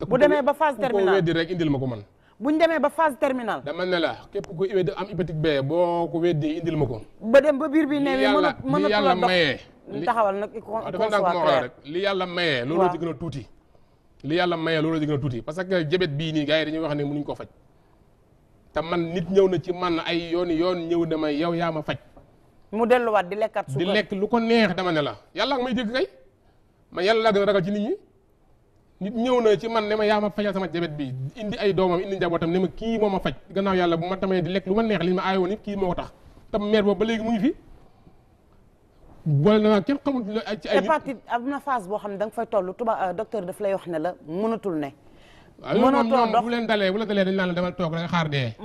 bu demee ba phase terminale ku ko weddi rek ma ko man. bu ñu demee ba phase terminal dama ne la képp ku weddi am hépatique B boo ko weddi indil ma ko. ba dem ba biir bi ne mën a mën a yàlla mayee. li taxawal nag rek li yàlla mayee. waaw loolu ci na a tuuti. li yàlla mayee loolu ci tuuti parce que jebet bii nii gars yi dañuy wax ne mënuñ ko faj. te man nit ñëw na ci man ay yooni yoon ñëw na ma yow yaa ma faj. mu delluwaat di lekkat suukar di lekk lu ko neex dama ne la yàlla may dégg kay ma yàlla laa gën a ragal ci nit ñi nit ñëw na ci man ne ma yaa ma fajal sama jabet bi indi ay doomam indi njabootam ne ma kii moo ma faj gannaaw yàlla bu ma tamee di lekk lu ma neex li ma aayoo nit kii moo ko tax tam meer boobu ba léegi mu fi boole na kenn xamul ay hépatite am na phase boo xam ne da nga toll tuba euh, docteur daf lay wax ne la mënatul ne mënatoo dox bu leen dalee bu la dalee dañ naan la damal toog rek xaar dee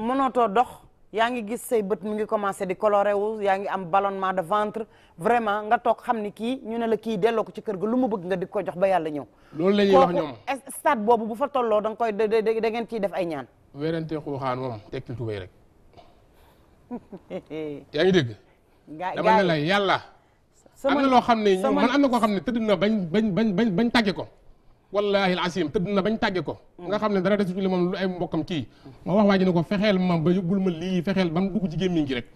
yaa ngi gis say bët mu ngi commencé di coloré wu yaa ngi am ballonnement de ventre vraiment nga toog xam ni kii ñu ne la kii delloo ko ci kër ga lu mu bëgg nga di ko jox ba yàlla ñëw. loolu la ñuy wax ñoom kooku stade bu fa tolloo da nga koy da da ngeen ciy def ay ñaan. wérante xuuxaan moom tekkil tubéy rek. *laughs* yaa ngi dégg. gaa la yàlla. sama am loo xam ne man am na koo xam ne tëdd na bañ bañ bañ bañ tàgge ko. wallahi alasim tëdd na bañ tàgge ko nga xam ne dara desu li moom lu ay mbokkam kii ma wax waa ji ne ko fexeel ma ba yóbbul ma lii fexeel ba mu dugg ci gémmiñ gi rek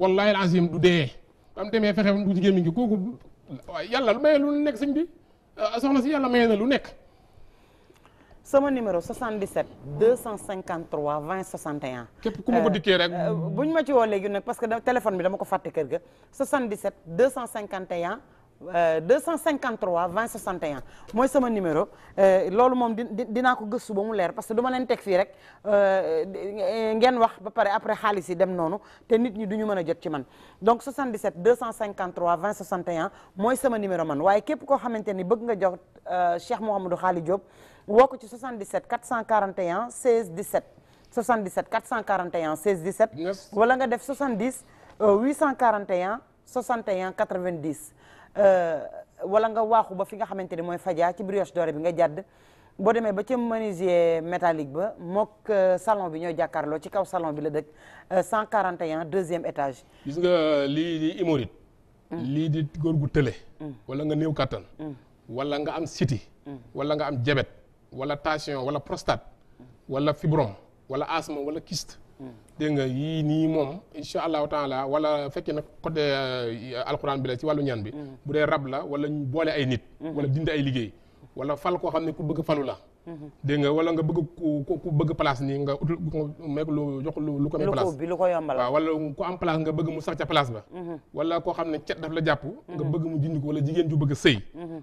wallahi alasim du dee ba mu demee fexeel ba mu dugg ci gémmiñ gi kooku yàlla lu maye lu nekk sëñ bi ah, soxna si yàlla maye na lu nekk sama numéro 77 253 20 61. képp ku ma ko euh, dikkee rek. Euh, bu ñu ma ci woo léegi nag parce que téléphone bi dama ko fàtte kër ga 77 251. 253 20 61 mooy sama numéro euh, loolu moom di dinaa ko gëstu ba mu leer parce que du leen teg fii rek euh, ngeen wax ba pare après xaalis yi dem noonu te nit ñi du ñu mën a jot ci man donc 77 253 20 61 mooy sama numéro man waaye képp koo xamante ni bëgg nga jox euh, Cheikh Mouhamadou Khali Diop woo ko ci 77 441 16 17 77 441 16 17 wala nga def 70 841 61 90 Euh, wala nga waaxu ba fi nga xamante ni mooy faja ci brioche dorée bi nga jàdd boo demee ba ca menuisier métallique ba mook euh, salon bi ñoo jàkkaarloo ci kaw salon bi la dëkk 141 euh, deuxième étage. gis nga lii di imorit mm. lii di góor gu tële. Mm. wala nga néew kattan. Mm. walla nga am siti. wala nga am jabet wala tension wala prostate. wala fibrom wala asthme wala kyste. dégg nga yii nii moom incha allahu taala wala fekkee nag côté euh, alquran bi la ci wàllu ñaan bi mm. bu dee rab la wala ñu boole ay nit mm-hmm. wala dindi ay liggéey wala fal ku la mm-hmm. dégg nga wala nga bëgg ku ku am place nga bëgg mu sax ca ba mm-hmm. wala koo xam ne cet daf la jàpp nga bëgg mu dindi ko wala jigéen ju bëgg sëy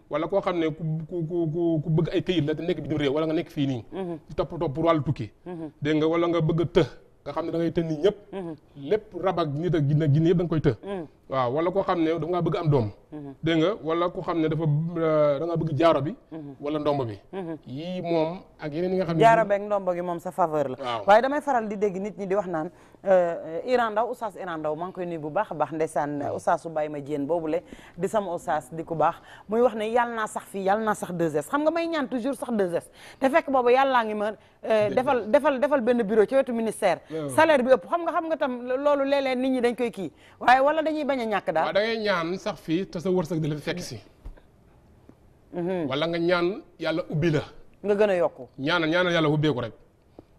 wala koo xam ne ku ku ku bëgg ay këyit la te nekk bitim réew wala nga nekk fii nii di topp topp pour wàllu tukki dégg nga wala nga bëgg të nga xam ne da ngay të nii ñëpp mhm. lépp rab ak nit ginne ginne yëpp da koy të mhm. waaw wala koo xam ne da ngaa bëgg am doom mhm. dégg nga koo xam ne dafa euh, da ngaa bëgg jaaro bi mhm. wala ndombo bi mhm. yii moom ak yeneen yi nga xam ne jaaro beeg ndombo gi moom sa faveur la waaw waaye damay faral di dégg nit ñi di wax naan euh, Iran Ndaw oustaz Iran Ndaw maa ngi koy nuyu bu baax a baax ndeysaan oustaz su bàyyi ma jéen boobule di sama oustaz di ku baax muy wax ne yàlla naa sax fii yàlla naa sax 2 xam nga may ñaan toujours sax 2 te fekk boobu yàllaa ngi ma euh, defal defal defal benn bureau ci wetu ministère salaire bi ëpp xam xam nga tam loolu léeg-léeg ñi dañ koy kii a ñàkk da ngay ñaan sax fii te sa wërsëg di la fi fekk si. Mhm. wala nga ñaan yàlla ubbi la. nga gën a yokku. ñaanal ñaanal yàlla ubbeeku rek.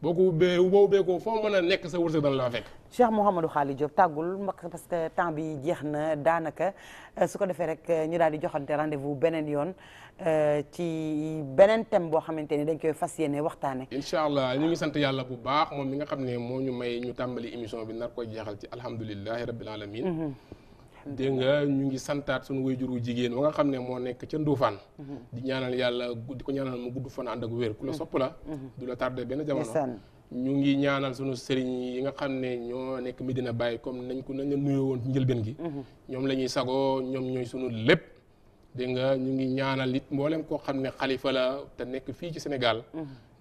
boo ko ubbee boo ubbeekoo foo mën a nekk sa wërsëg dana la fekk. Cheikh Mouhamadou Khaly Diop tàggul parce que temps bi jeex na daanaka euh, su ko defee rek euh, ñu daal di joxante rendez-vous beneen yoon euh, ci beneen thème boo xamante ni dañ koy fas yéene waxtaane. incha allah ñu ngi sant yàlla bu baax moom mi nga xam ne moo ñu may ñu tàmbali émission bi nar koy ci alhamdulilahi dégg ñu ngi santaat suñu wayjur wu jigéen wa nga xam ne moo nekk ca Ndoufane di ñaanal yàlla di ko ñaanal mu gudd fan ànd ak wér ku la mm-hmm. sopp la mm-hmm. du la tardé benn jamono ñu ngi ñaanal sunu sëriñ yi nga xam ne ñoo nekk Medina Baye comme nañ ko nañ la nuyoo woon ci njëlbeen gi mm-hmm. ñoom lañuy sagoo ñoom ñooy sunu lépp dégg nga ñu ngi ñaanal it mboolem koo xam ne xalifa la te nekk fii ci senegal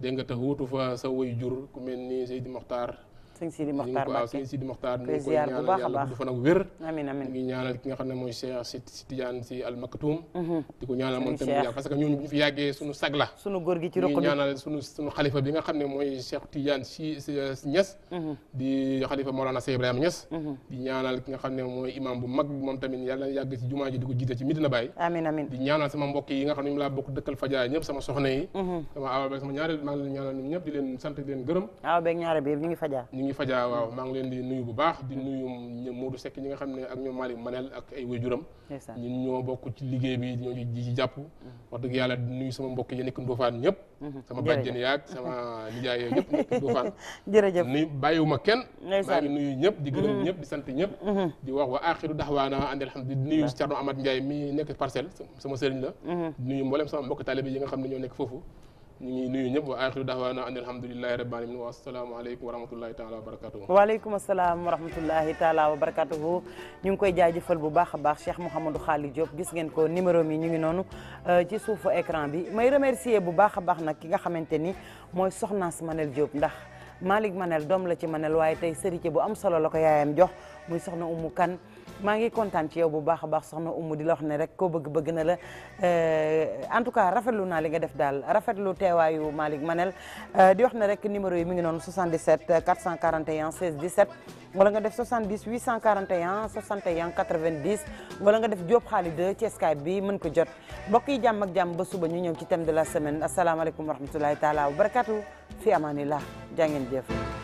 dégg te wuutu fa sa way jur ku mel ni Seydi Mokhtar sëñ Sidi Mokhtar Mbacke sëñ Sidi Mokhtar ñu koy ñaanal yàlla fa nga xam ne mooy Cheikh si si Al mhm. di xalifa bi nga xam ne mooy Cheikh mhm. mhm. di ñaanal ki nga xam ne mooy imam bu mag moom tamit yàlla yàgg ci jumaa ji di ko jiite ci Medina Baye amiin di ñaanal sama mbokk yi nga xam ne ñu bokk dëkkal fajaay ñëpp sama soxna yi sama awa sama ñaareel ñaanal ñoom di leen sant leen gërëm awa beeg ñaareel bi ñu ngi fajaay ñu ngi fajaa waaw maa ngi leen di nuyu bu baax di nuyu Modou Seck ñi nga xam ne ak ñoom Malick Manel ak ay waajuram ñun ñoo bokk ci liggéey bi ñoo ci jàpp mm-hmm. wax dëgg yàlla di nuyu sama mbokk yi nekk Ndofane ñëpp mm-hmm. sama bàjjen yaag sama nijaay yooyu ñëpp nekk Ndofane *laughs* jërëjëf nuyu bàyyiwuma kenn maa ngi nuyu ñëpp di gërëm mm-hmm. ñëpp di sant ñëpp di wax wa axiru daxwaana and alhamdulilah nuyu Thierno Amath Ndiaye mi nekk parcelle sama sëriñ la nuyu mboolem sama mbokk taalibe yi nga xam ne ñoo nekk foofu ñu ngi nuyu ñëpp wa axiru dahwaana an alhamdulilahi rabbil alamin wa assalaamu aleykum wa rahmatullahi taala wa barakatuhu waaleykum asalaam wa rahmatullahi taala wa barakatuhu ngi koy jaajëfal bu baax a baax Cheikh Mouhamadou Khalid Diop gis ngeen ko numéro mi ñu ngi noonu euh, ci suufu écran bi may remercier bu baax a baax nag ki nga xamante ni mooy soxnaas Manel Diop ndax Malick Manel doom la ci Manel waaye tey sëriñ bu am solo la ko yaayam jox muy soxna maa ngi kontaan ci yow bu baax a baax soxna Umu di la wax ne rek koo bëgg bëgg na la euh, en tout cas rafetlu naa li nga def daal rafetlu teewaayu Malick Manel euh, di wax ne rek numéro yi mu ngi noonu 77 441 16 17 wala nga def 70 841 61 90 wala nga def Diop Khalid ci Skype bi mën ko jot mbokk yi jàmm ak jàmm ba suba ñu ñëw ci thème de la semaine asalaamaaleykum wa rahmatulahi taala wa barakatu fi amaanillah jaa ngeen jëf